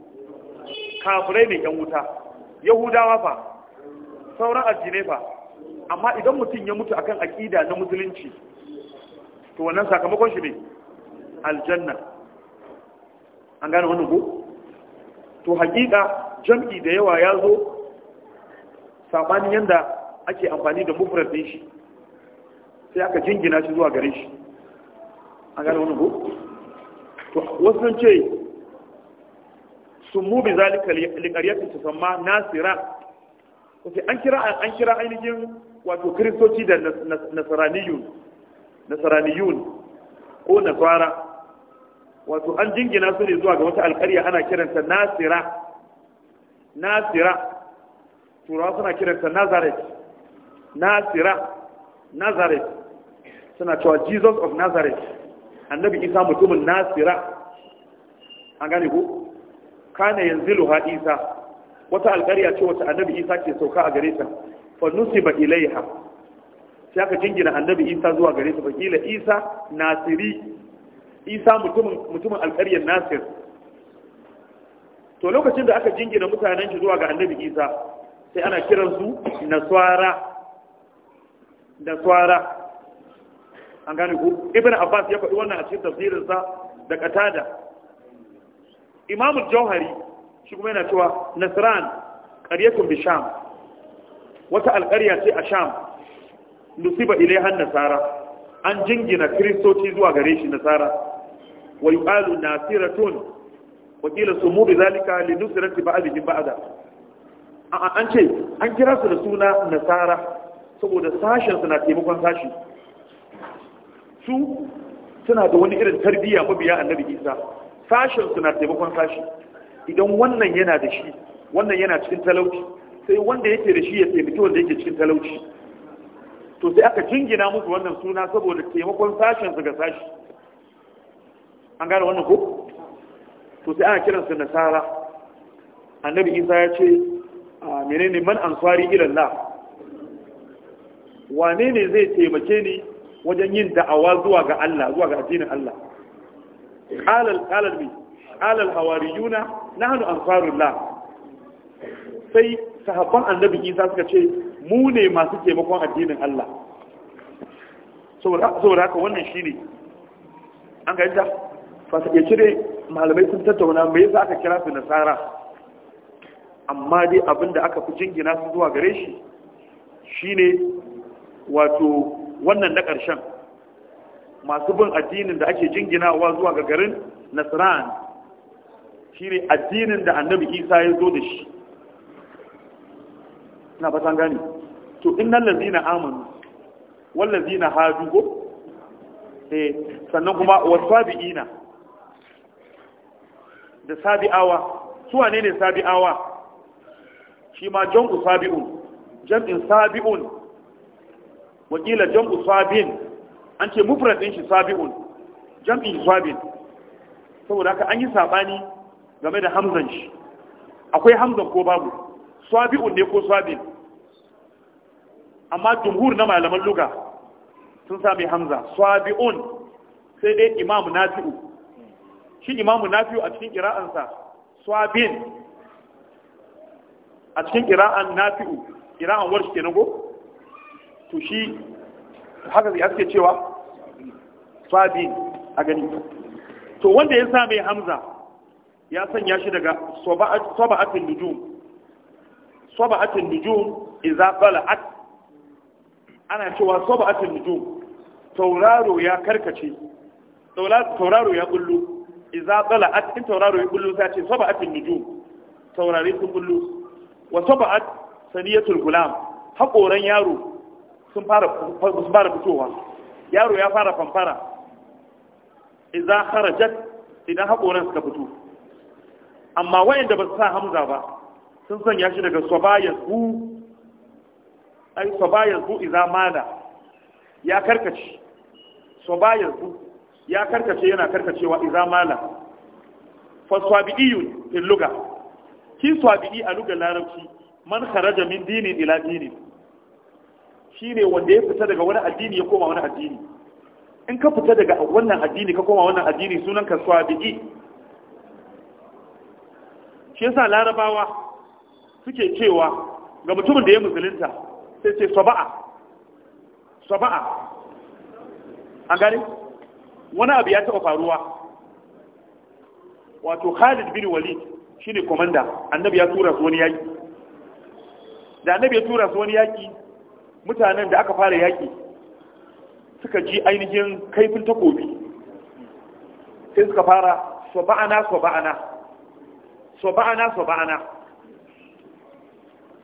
kafirai ne yan wuta yahudawa fa sauran addinai fa amma idan mutum ya mutu akan aqida na musulunci to wannan sakamakon shi ne aljanna an gane wannan ko to hakika jam'i da yawa ya zo sabanin yanda ake amfani da mufrad din shi sai aka jingina shi zuwa gare shi an gane wannan ko to wasu sun ce summu bi zalika li qaryatin tusamma nasira sai an kira an kira ainihin wato kristoci da nasraniyun nasraniyun ko nasara wato an jingina su ne zuwa ga wata alƙarya ana kiranta nasira nasira turawa suna kiranta nazareth nasira nazareth suna cewa jesus of nazareth annabi isa mutumin nasira an gane ko kana yanzilu ha isa wata alƙarya ce wata annabi isa ke sauka a gare ta fa nusiba ilaiha sai aka jingina annabi isa zuwa gare ta fakila isa nasiri isa mutumin mutumin alƙaryar nasir to lokacin da aka jingina mutanen shi zuwa ga annabi isa sai ana kiransu naswara naswara an gane ku ibn abbas ya faɗi wannan a cikin tafsirinsa da katada imamul jauhari shi kuma yana cewa nasran qaryatun bi sham wata alƙarya ce a sham nusiba han nasara an jingina kristoci zuwa gare shi nasara wa yuqalu nasiratun wa qila sumu bi zalika li nusrati ba'dihim ba'da an ce an kira su da suna nasara saboda sashen suna taimakon sashi su suna da wani irin tarbiyya mabiya annabi isa sashen suna na taimakon sashi idan wannan yana da shi wannan yana cikin talauci sai wanda yake da shi ya taimaki wanda yake cikin talauci to sai aka jingina musu wannan suna saboda taimakon sashen su ga sashi an gane wannan ko to sai ana kiransu nasara annabi isa ya ce a menene man ansari ilallah wane ne zai taimake ni wajen yin da'awa zuwa ga Allah zuwa ga addinin Allah qalal qalal na hannu hawariyuna nahnu sai sahabban annabi Isa suka ce mu ne masu taimakon addinin Allah saboda haka wannan ne. an ga fasake cire malamai sun tattauna me yasa aka kira su nasara amma dai abinda aka fi jingina su zuwa gare shi ne wato wannan na ƙarshen masu bin addinin da ake jinginawa zuwa ga garin nasran shi ne addinin da annabi isa ya zo da shi na fatan gani to innan lazina amanu wallazina hadu ko eh sannan kuma wasabiina da sabi'awa su wane ne sabi'awa shi ma jam'u sabi'un jam'in sabi'un wakila jam'u sabin an ce mufradin din shi sabi'un jam'in sabi'un saboda haka an yi sabani game da hamzan shi akwai hamzan ko babu sabi'un ne ko sabi'un amma jumhur na malaman luga sun sami hamza sabi'un sai dai imam nafi'u shi imam nafi'u a cikin kira'ansa sabi'un a cikin kira'an nafi'u kira'an warshi kenan go to shi haka zai aske cewa sabi a gani to wanda ya sa mai hamza ya sanya shi daga saba'atin nujum saba'atin nujum idza bala'at ana cewa saba'atin nujum tauraro ya karkace tauraro ya bullo idza bala'at in tauraro ya bullo sai ce saba'atin nujum taurari sun bullo wa saba'at saniyatul gulam haƙoran yaro sun fara fitowa yaro ya fara fanfara Iza kharajat idan haƙoran suka fito amma wayanda ba su sa hamza ba sun sanya shi daga sabayan hu ai sabayan hu iza mana ya karkace sabayan bu ya karkace yana karkacewa iza mana fa swabiyun fil lugha ki swabiyi a lugar larabci man kharaja min dinin ila dinin shine wanda ya fita daga wani addini ya koma wani addini in ka fita daga wannan addini ka koma wannan addini sunan ka swabi'i shi yasa larabawa suke cewa ga mutumin da ya musulunta sai ce saba'a saba'a an gari, wani abu ya taɓa faruwa wato khalid bin walid shine komanda annabi ya tura su wani yaki da annabi ya tura su wani yaki mutanen da aka fara yaki suka ji ainihin kaifin takobi sai suka fara soba'ana soba'ana soba'ana soba'ana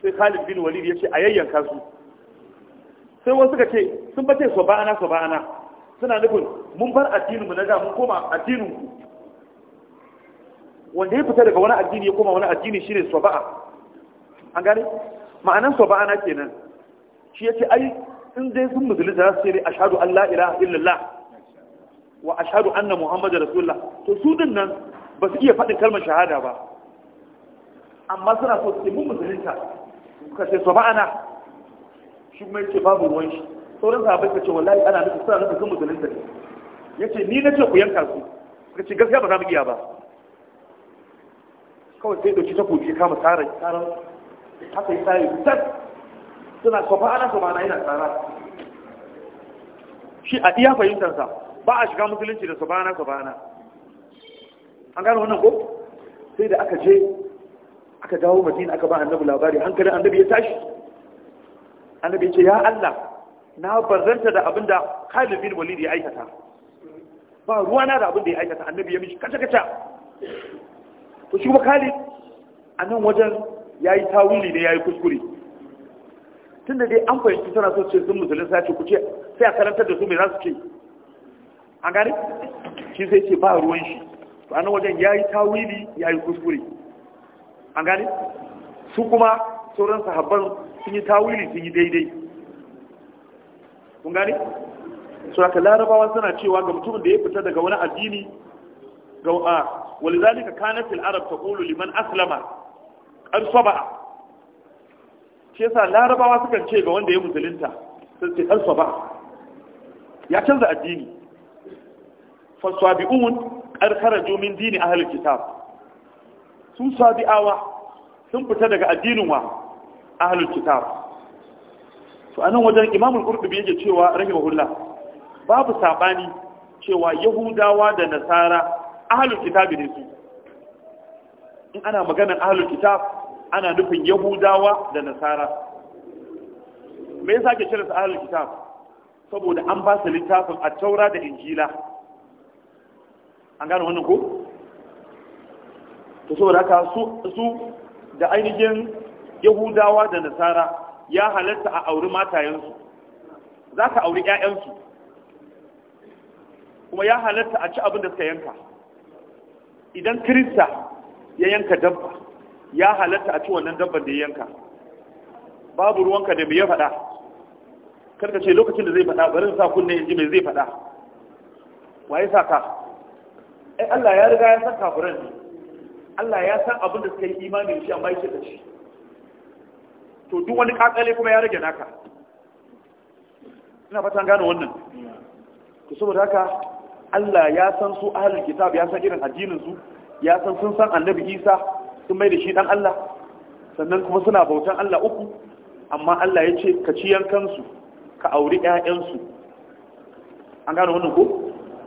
sai Khalid bin Walid ya ce a yayyanka su sai wasu suka ce sun bace soba'ana soba'ana suna nufin mun bar addinin mu na da mun koma addinin ku wanda ya fita daga wani addini ya koma wani addini shine soba'a an gane ma'anan soba'ana kenan shi yace ai in zai sun musulunta za su ce ashadu Allah la illallah wa ashhadu anna Muhammadu rasulullah to su din nan ba su iya faɗin kalmar shahada ba amma suna so su mun musulunta suka ce so ma'ana shi mai ce babu ruwan shi sauran sahabbai ka ce wallahi ana nufin suna nufin sun musulunta ne ya ce ni na ce ku yanka su ka ce gaskiya ba za mu iya ba kawai sai ɗauki ta ya kama tsarin tsarin haka ya tsare fitar suna kwafa ana kwafa ana yana tsara shi a iya fahimtarsa ba a shiga musulunci da sabana sabana an gano wannan ko sai da aka je aka dawo madina aka ba annabi labari hankalin annabi ya tashi annabi ce ya Allah na barranta da abinda Khalid bin Walid ya aikata ba ruwa na da abinda ya aikata annabi ya mishi kaca kaca to shi kuma Khalid a nan wajen yayi tawuli ne yayi kuskure tun da dai an fahimci tana so ce sun musulun ce ku ce sai a karantar da su mai za su ce an gane shi sai ce ba ruwan shi to nan wajen ya yi tawili ya yi kuskure an gane su kuma sauran sahabban sun yi tawili sun yi daidai kun gane su haka larabawa suna cewa ga mutumin da ya fita daga wani addini ga ah, walizalika kanatil arab taqulu liman aslama qad saba'a shi yasa larabawa sukan ce ga wanda ya musulunta sun ce kansa ba ya canza addini fasabi'un ƙarƙarar jomin dini a ahlul kitab su sabi'awa sun fita daga addinin wa a ahlul kitab to anan wajen imamul qurtubi yake cewa mahulla babu saɓani cewa yahudawa da nasara a ahlul kitab ne su in ana maganar ahlul kitab ana nufin yahudawa da nasara me yasa ke cire su kitab saboda an ba su littafin a taura da injila an gane wannan ko to saboda haka su su da ainihin yahudawa da nasara ya halatta a auri matayensu za ka auri 'ya'yansu kuma ya halatta a ci abin da suka yanka idan kirista ya yanka dabba ya halatta a ci wannan dabban da ya yanka babu ruwanka da me ya faɗa karka ce lokacin da zai faɗa bari sa kunne in ji mai zai faɗa waye sa ka ai eh, Allah ya riga ya san kafiran ne Allah ya san abin da suka yi imani da shi amma yake da shi to duk wani kakale kuma ya rage naka ina fatan gane wannan to saboda haka Allah ya san su ahlul kitab ya san irin addinin su ya san sun san annabi Isa sun mai da shi ɗan Allah sannan kuma suna bautan Allah uku amma Allah ya ce ka ci yankansu ka auri ‘ya’yansu an gano wannan ku?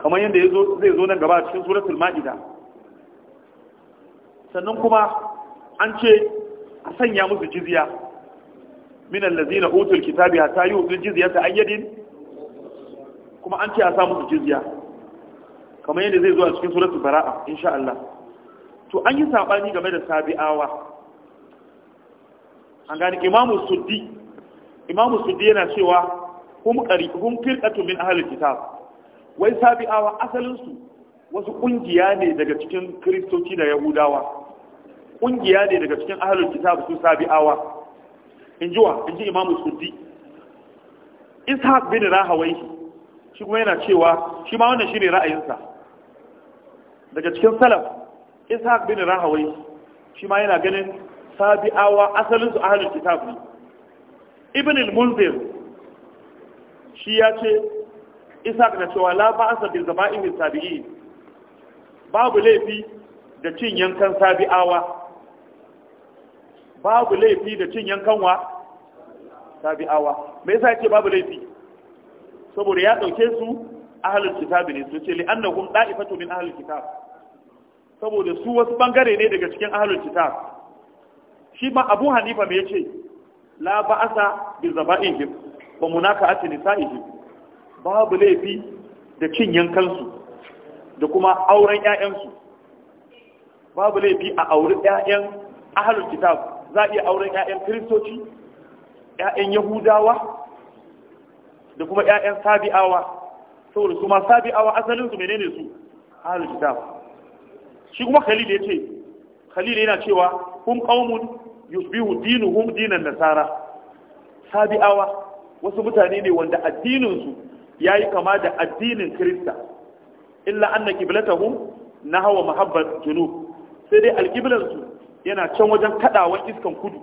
kamar yadda zai zo nan gaba a cikin suratul ma'ida sannan kuma an ce a sanya musu jiziya, min allazina utul kitabi yi yu'tu jiziya ta ayyadin? kuma an ce a sa musu jiziya, kamar yadda zai zo a cikin suratul bara'a insha Allah to an yi saɓani game da sabi'awa an gani imamu suddi imamu suddi yana cewa hum qari hum firqatu min ahli kitab wai sabi'awa asalin su wasu kungiya ne daga cikin kristoci da yahudawa kungiya ne daga cikin ahli kitab su sabi'awa inji wa inji imamu suddi ishaq bin rahawai shi kuma yana cewa shi ma wannan shine ra'ayinsa daga cikin salaf ishaq bin rahawai shi ma yana ganin sabi'awa asalin su ahlul kitab ne ibn al-munzir shi ya ce ishaq na cewa la ba'sa bil zaba'in tabi'in babu laifi da cin yankan sabi'awa babu laifi da cin yankanwa sabi'awa me yasa yake babu laifi saboda ya dauke su ahlul kitab ne su ce li annahum da'ifatu min ahlul kitab saboda su wasu bangare ne daga cikin ahlul kitab shi ma abu hanifa mai ce, la ba sa bi zaba'ihim wa munaka'ati nisa'ihim babu laifi da cin yankansu da kuma auren ƴaƴansu babu laifi a auri ƴaƴan ahlul kitab za iya auren ƴaƴan kristoci ƴaƴan yahudawa da kuma ƴaƴan sabi'awa saboda su ma sabi'awa asalin su menene su ahlul kitab shi kuma khalil ya ce khalil yana cewa kun qaumun yusbihu dinuhum dinan nasara sabi'awa wasu mutane ne wanda addinin su yayi kama da addinin kirista illa anna qiblatahum nahwa mahabbat junub sai dai alqiblan su yana can wajen kadawan iskan kudu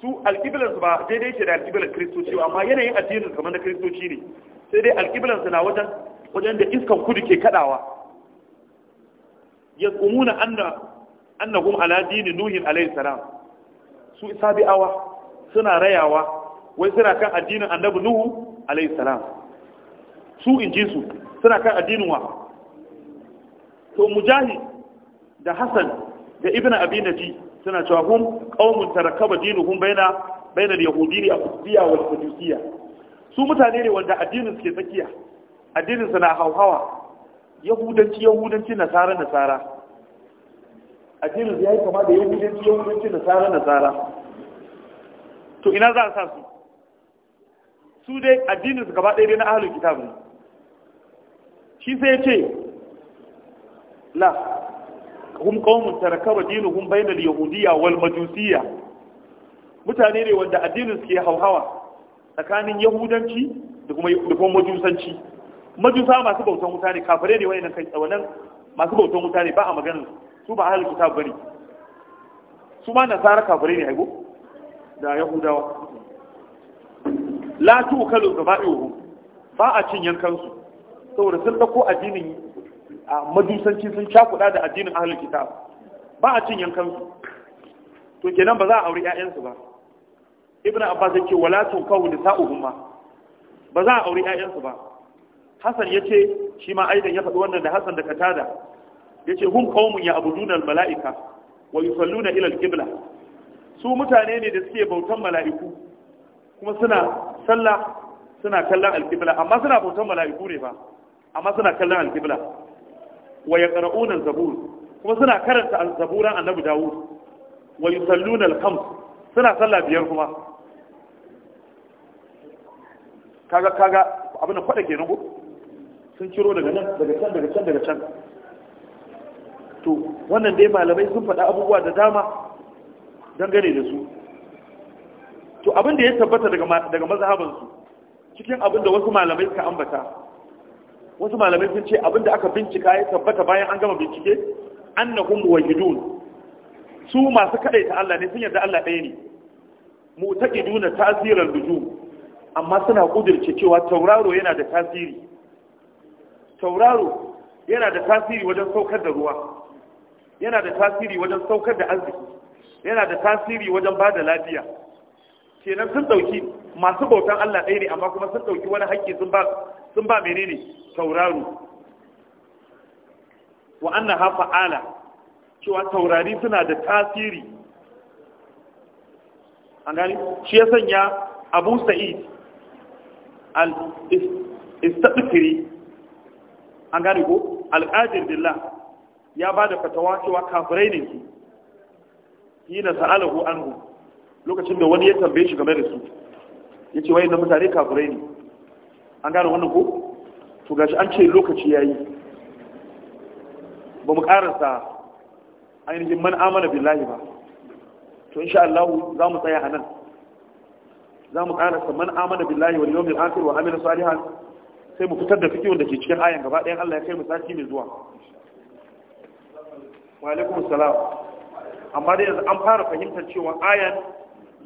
su alqiblan su ba daidai ce da alqiblan kristoci amma yanayin addinin kamar na kristoci ne sai dai alqiblan su na wajen wajen da iskan kudu ke kadawa yaqumuna anna annahum ala dini nuhin alayhi salam su sabi'awa suna rayawa wai suna kan addinin annabi nuhu alayhi salam su inji su suna kan addinin wa to mujahid da hasan da ibnu abi naji suna cewa hum qaumun tarakaba dinuhum baina baina al-yahudiyya al-qudiyya wal-qudusiyya su mutane ne wanda addinin suke tsakiya addinin su na hauhawa yahudanci yahudanci nasara nasara addinin ya yi kama da yahudanci yahudanci nasara nasara to ina za a sa su su dai addinin su gaba ɗaya dai na ahalin kitab ne shi sai ce la hum qaumun tarakaba hun bainal yahudiya wal majusiyya mutane ne wanda addinin su ke hauhawa tsakanin yahudanci da kuma majusanci majusa masu bautan wuta ne kafare ne wayannan kai wannan masu bautan wuta ne ba a maganar su ba ahlul kitab bane su ma nasara kafare ne haigo da yahudawa la kalu zaba'ihum ba a cin yankansu saboda sun dauko addinin a majusanci sun cakuda da addinin ahlul kitab ba a cin yankansu to kenan ba za a aure su ba ibnu abbas yake wala da nisa'uhum ba za a aure su ba Hassan ya ce shi ma aidan ya faɗi wannan da Hassan da ka tada ya ce hun qaumun ya abuduna al mala'ika wa yusalluna ila al qibla su mutane ne da suke bautan mala'iku kuma suna sallah suna kallon alƙibla amma suna bautan mala'iku ne ba amma suna kallon alƙibla wa yaqra'una zabur kuma suna karanta zaburan annabi dawud wa yusalluna al-khams suna sallah biyar kuma kaga kaga abin da kwada kenan ku. sun ciro daga nan daga can daga can daga can to wannan dai malamai sun faɗa abubuwa da dama dangane da su to abin da ya tabbata daga mazhabansu cikin abin da wasu malamai suka ambata wasu malamai sun ce abin da aka bincika ya tabbata bayan an gama bincike annahum wajidun su masu ta Allah ne sun yarda Allah ɗaya ne mutaqiduna tasirar nujum amma suna kudirce cewa tauraro yana da tasiri tauraro yana da tasiri wajen saukar da ruwa yana da tasiri wajen saukar da arziki yana da tasiri wajen ba da lafiya kenan sun dauki masu bautan Allah ɗaya ne amma kuma sun dauki wani haƙƙi sun ba sun ne menene tauraro wa anna hafa fa'ala cewa taurari suna da tasiri an gani shi ya sanya Abu Sa'id al-Istaghfiri an gane ko alƙadir billah ya ba da fatawa cewa kafirai ne su yi na sa'alahu anhu lokacin da wani ya tambaye shi game da su ya ce na mutane kafirai ne an gane wannan ko to gashi an ce lokaci ya yi ba mu ƙararsa ainihin man amana billahi ba to insha Allah za mu tsaya a nan za mu ƙararsa man amana billahi wal yawmil akhir wa amila salihan sai mu fitar da fikihun da ke cikin ayan gaba ɗayan Allah ya kai mu sati mai zuwa wa alaikum salam amma dai yanzu an fara fahimtar cewa ayan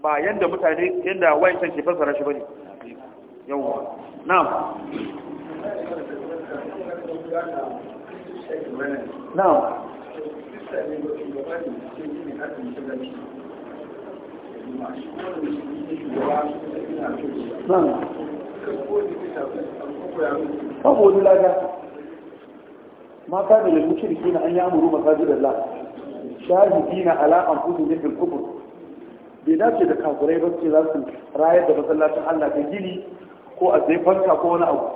ba yanda mutane yanda wayancan ke fassara shi bane yawa na'am na'am na'am babu wani lada mata da lalmu shirki na an yamuru masajidar la shahidi na ala an fudu ne filkubur bai dace da kafirai ba ce za su rayar da masallacin allah da gini ko a zai fanka ko wani abu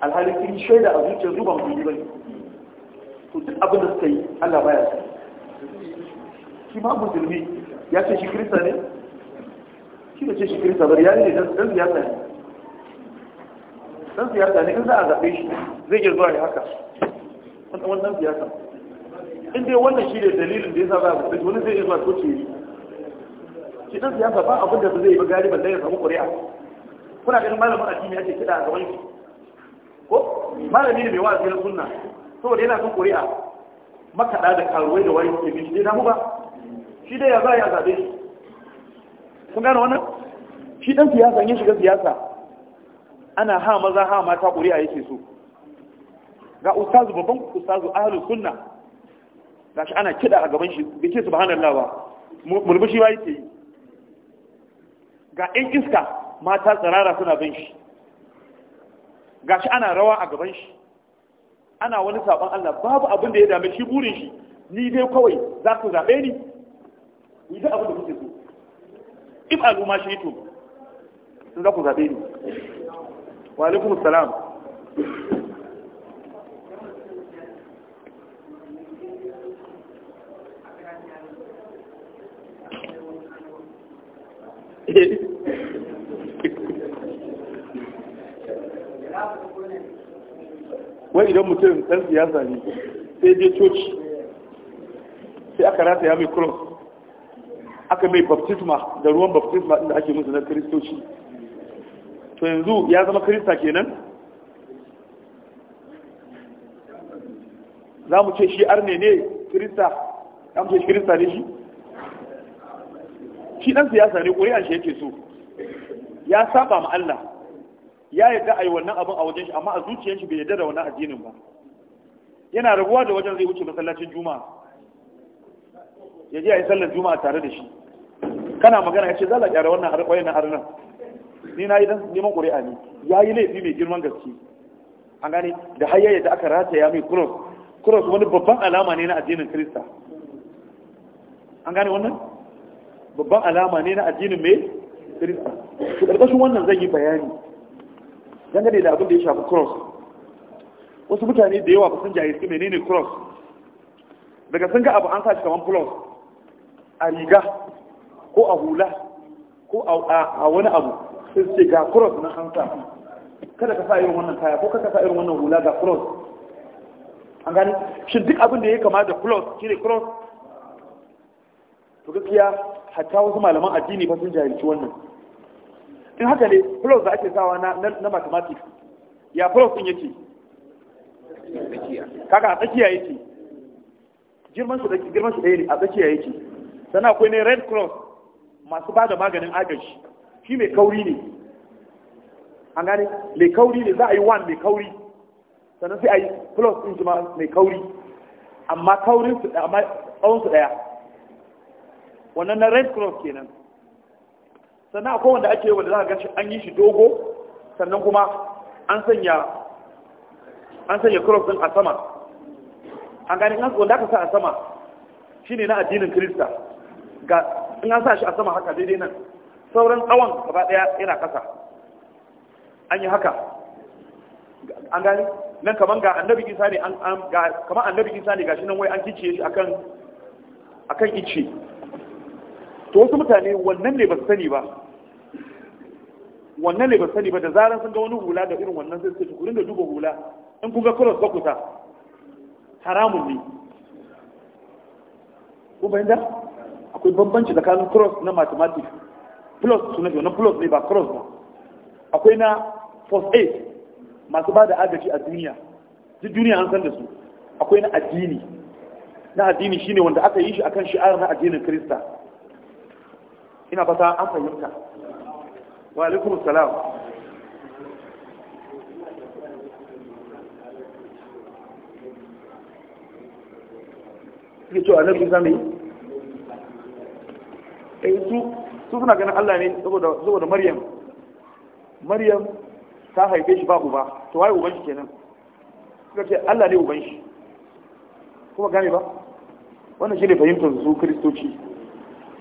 alhali sun shaida a zuciyar zuba mu yi ba to duk abin da suka yi allah baya su shi ma musulmi ya ce shi kirista ne shi da ce shi kirista bari ya ne dan siyasa ne dan siyasa ne in za a zaɓe shi zai iya zuwa ya haka wannan siyasa in dai wannan shi ne dalilin da ya sa za a zaɓe wani zai iya zuwa kuce yi shi dan siyasa ba abin da zai yi ba galiban da ya samu ƙuri'a kuna ganin malamin addini ake kiɗa a gaban shi ko malami ne mai wa'azi na sunna saboda yana son ƙuri'a makaɗa da karuwai da wani ke bishi shi ba shi dai ya za a yi a zaɓe shi kun gane wannan shi dan siyasa in ya shiga siyasa ana ha maza ha mata ƙuri'a yake so ga ustazu babban ustazu ahlus sunna shi ana kida a gaban shi ke subhanallah ba mulmushi ba yake yi ga ɗan iska mata tsirara suna bin shi Ga shi ana rawa a gaban shi ana wani sabon Allah babu abin da ya dame shi burin shi ni dai kawai za ku zaɓe ni ni duk abin da kuke so if al'umma shi to za ku zaɓe ni wa salam wai idan mutum ɗan siyasa ne sai je coci sai aka ya mai cross aka mai baptisma da ruwan baptisma inda ake musu na kiristoci to yanzu ya zama kirista kenan za mu ce shi arne ne kirista za mu ce shi kirista ne shi shi dan siyasa ne ƙuri'an shi yake so ya saba ma Allah ya yadda a yi wannan abin a wajen shi amma a zuciyar shi bai yadda da wannan addinin ba yana rabuwa da wajen zai wuce masallacin juma'a ya ji a yi sallar juma'a tare da shi kana magana ya ce za a gyara wannan harƙoyin na harnan ni na yi neman ƙuri'a ne ya yi laifi mai girman gaske an gane da hayayyar da aka rataya mai cross cross wani babban alama ne na addinin krista an gane wannan babban alama ne na addinin mai krista su ƙarƙashin wannan zan yi bayani dangane da abin da ya shafi cross wasu mutane da yawa ba sun su menene cross daga sun ga abu an sa shi kamar plus a riga ko a hula ko a wani abu sai ce ga cross na an sa kada ka sa irin wannan kaya ko kada ka sa irin wannan hula ga cross an gani shi duk abin da ya kama da cross ne cross to gaskiya hatta wasu malaman addini fa sun jahilci wannan in haka ne cross da ake sawa na na mathematics ya cross din yake Kaka a tsakiya yake girman shi girman shi ɗaya ne a tsakiya yake sannan akwai ne red cross masu ba da maganin agaji shi mai kauri ne an gane mai kauri ne za a yi wan mai kauri sannan sai a yi plus ɗin jima mai kauri amma kaurin su amma tsawon su ɗaya wannan na red cross kenan sannan akwai wanda ake wanda za a gan an yi shi dogo sannan kuma an sanya an sanya cross ɗin a sama an gani an wanda aka sa a sama shine na addinin Kirista ga in an sa shi a sama haka daidai nan sauran tsawon gaba daya yana kasa an yi haka an gani nan kaman ga annabi isa ne an ga kaman annabi isa ne gashi nan wai an kicce shi akan akan icce to wasu mutane wannan ne ba su sani ba wannan ne ba su sani ba da zaran sun ga wani hula da irin wannan sai su kurin da duba hula in kun ga cross ba kusa haramun ne ko bayan da akwai bambanci tsakanin cross na mathematics plus suna shi wannan plus ne ba cross ba akwai na first aid masu ba da agaji a duniya duk duniya an san da su akwai na addini na addini shine wanda aka yi shi akan shi'ar na addinin krista ina fata an fahimta wa alaikum salam ke to annabi zamani eh su su suna ganin Allah ne saboda Maryam Maryam ta haife shi ba uba to wai uban shi kenan suka ce Allah ne uban shi kuma gane ba wannan shine fahimtar su kristoci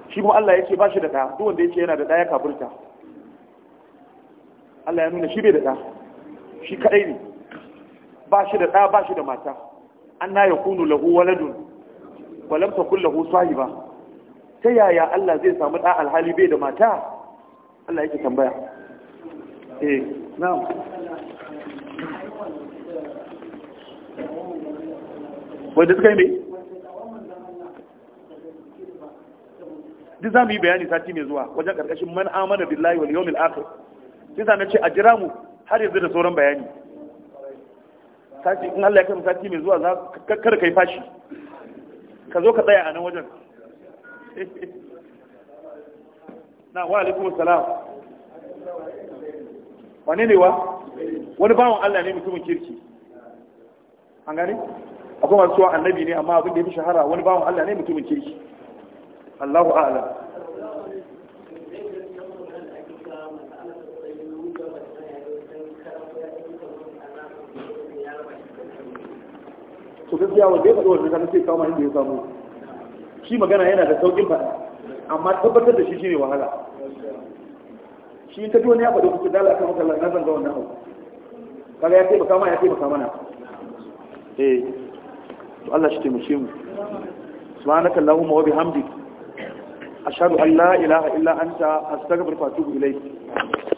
shi kuma Allah yake ba shi da ɗaya duk wanda yake yana da ɗaya kafirta Allah ya nuna shi bai da ɗa shi kadai ne ba shi da ɗa ba shi da mata an yakunu lahu waladun walam takun lahu sahiba ta yaya Allah zai samu ɗa alhali bai da mata Allah yake tambaya eh na'am suka yi mai duk za mu yi bayani sati mai zuwa wajen ƙarƙashin man amana billahi wal yawmil akhir sai na ce a jira mu har yanzu da sauran bayani sati in Allah ya kai sati mai zuwa za ka kada kai fashi ka zo ka tsaya a nan wajen na wa alaikum salam wani ne wa wani bawan Allah ne mutumin kirki an gani akwai masu suwa annabi ne amma abin da ya fi shahara wani bawan Allah ne mutumin kirki Allahu a'lam to gaskiya wanda ya faɗi wannan kan sai kawo mai ya samu shi magana yana da saukin faɗa amma tabbatar da shi shi shine wahala shi ta duniya faɗi kuke dala akan maka na zanga wannan abu kaga ya taimaka mana ya taimaka mana eh to Allah shi taimake mu subhanaka allahumma wa bihamdik ashhadu an la ilaha illa anta astaghfiruka wa atubu ilayk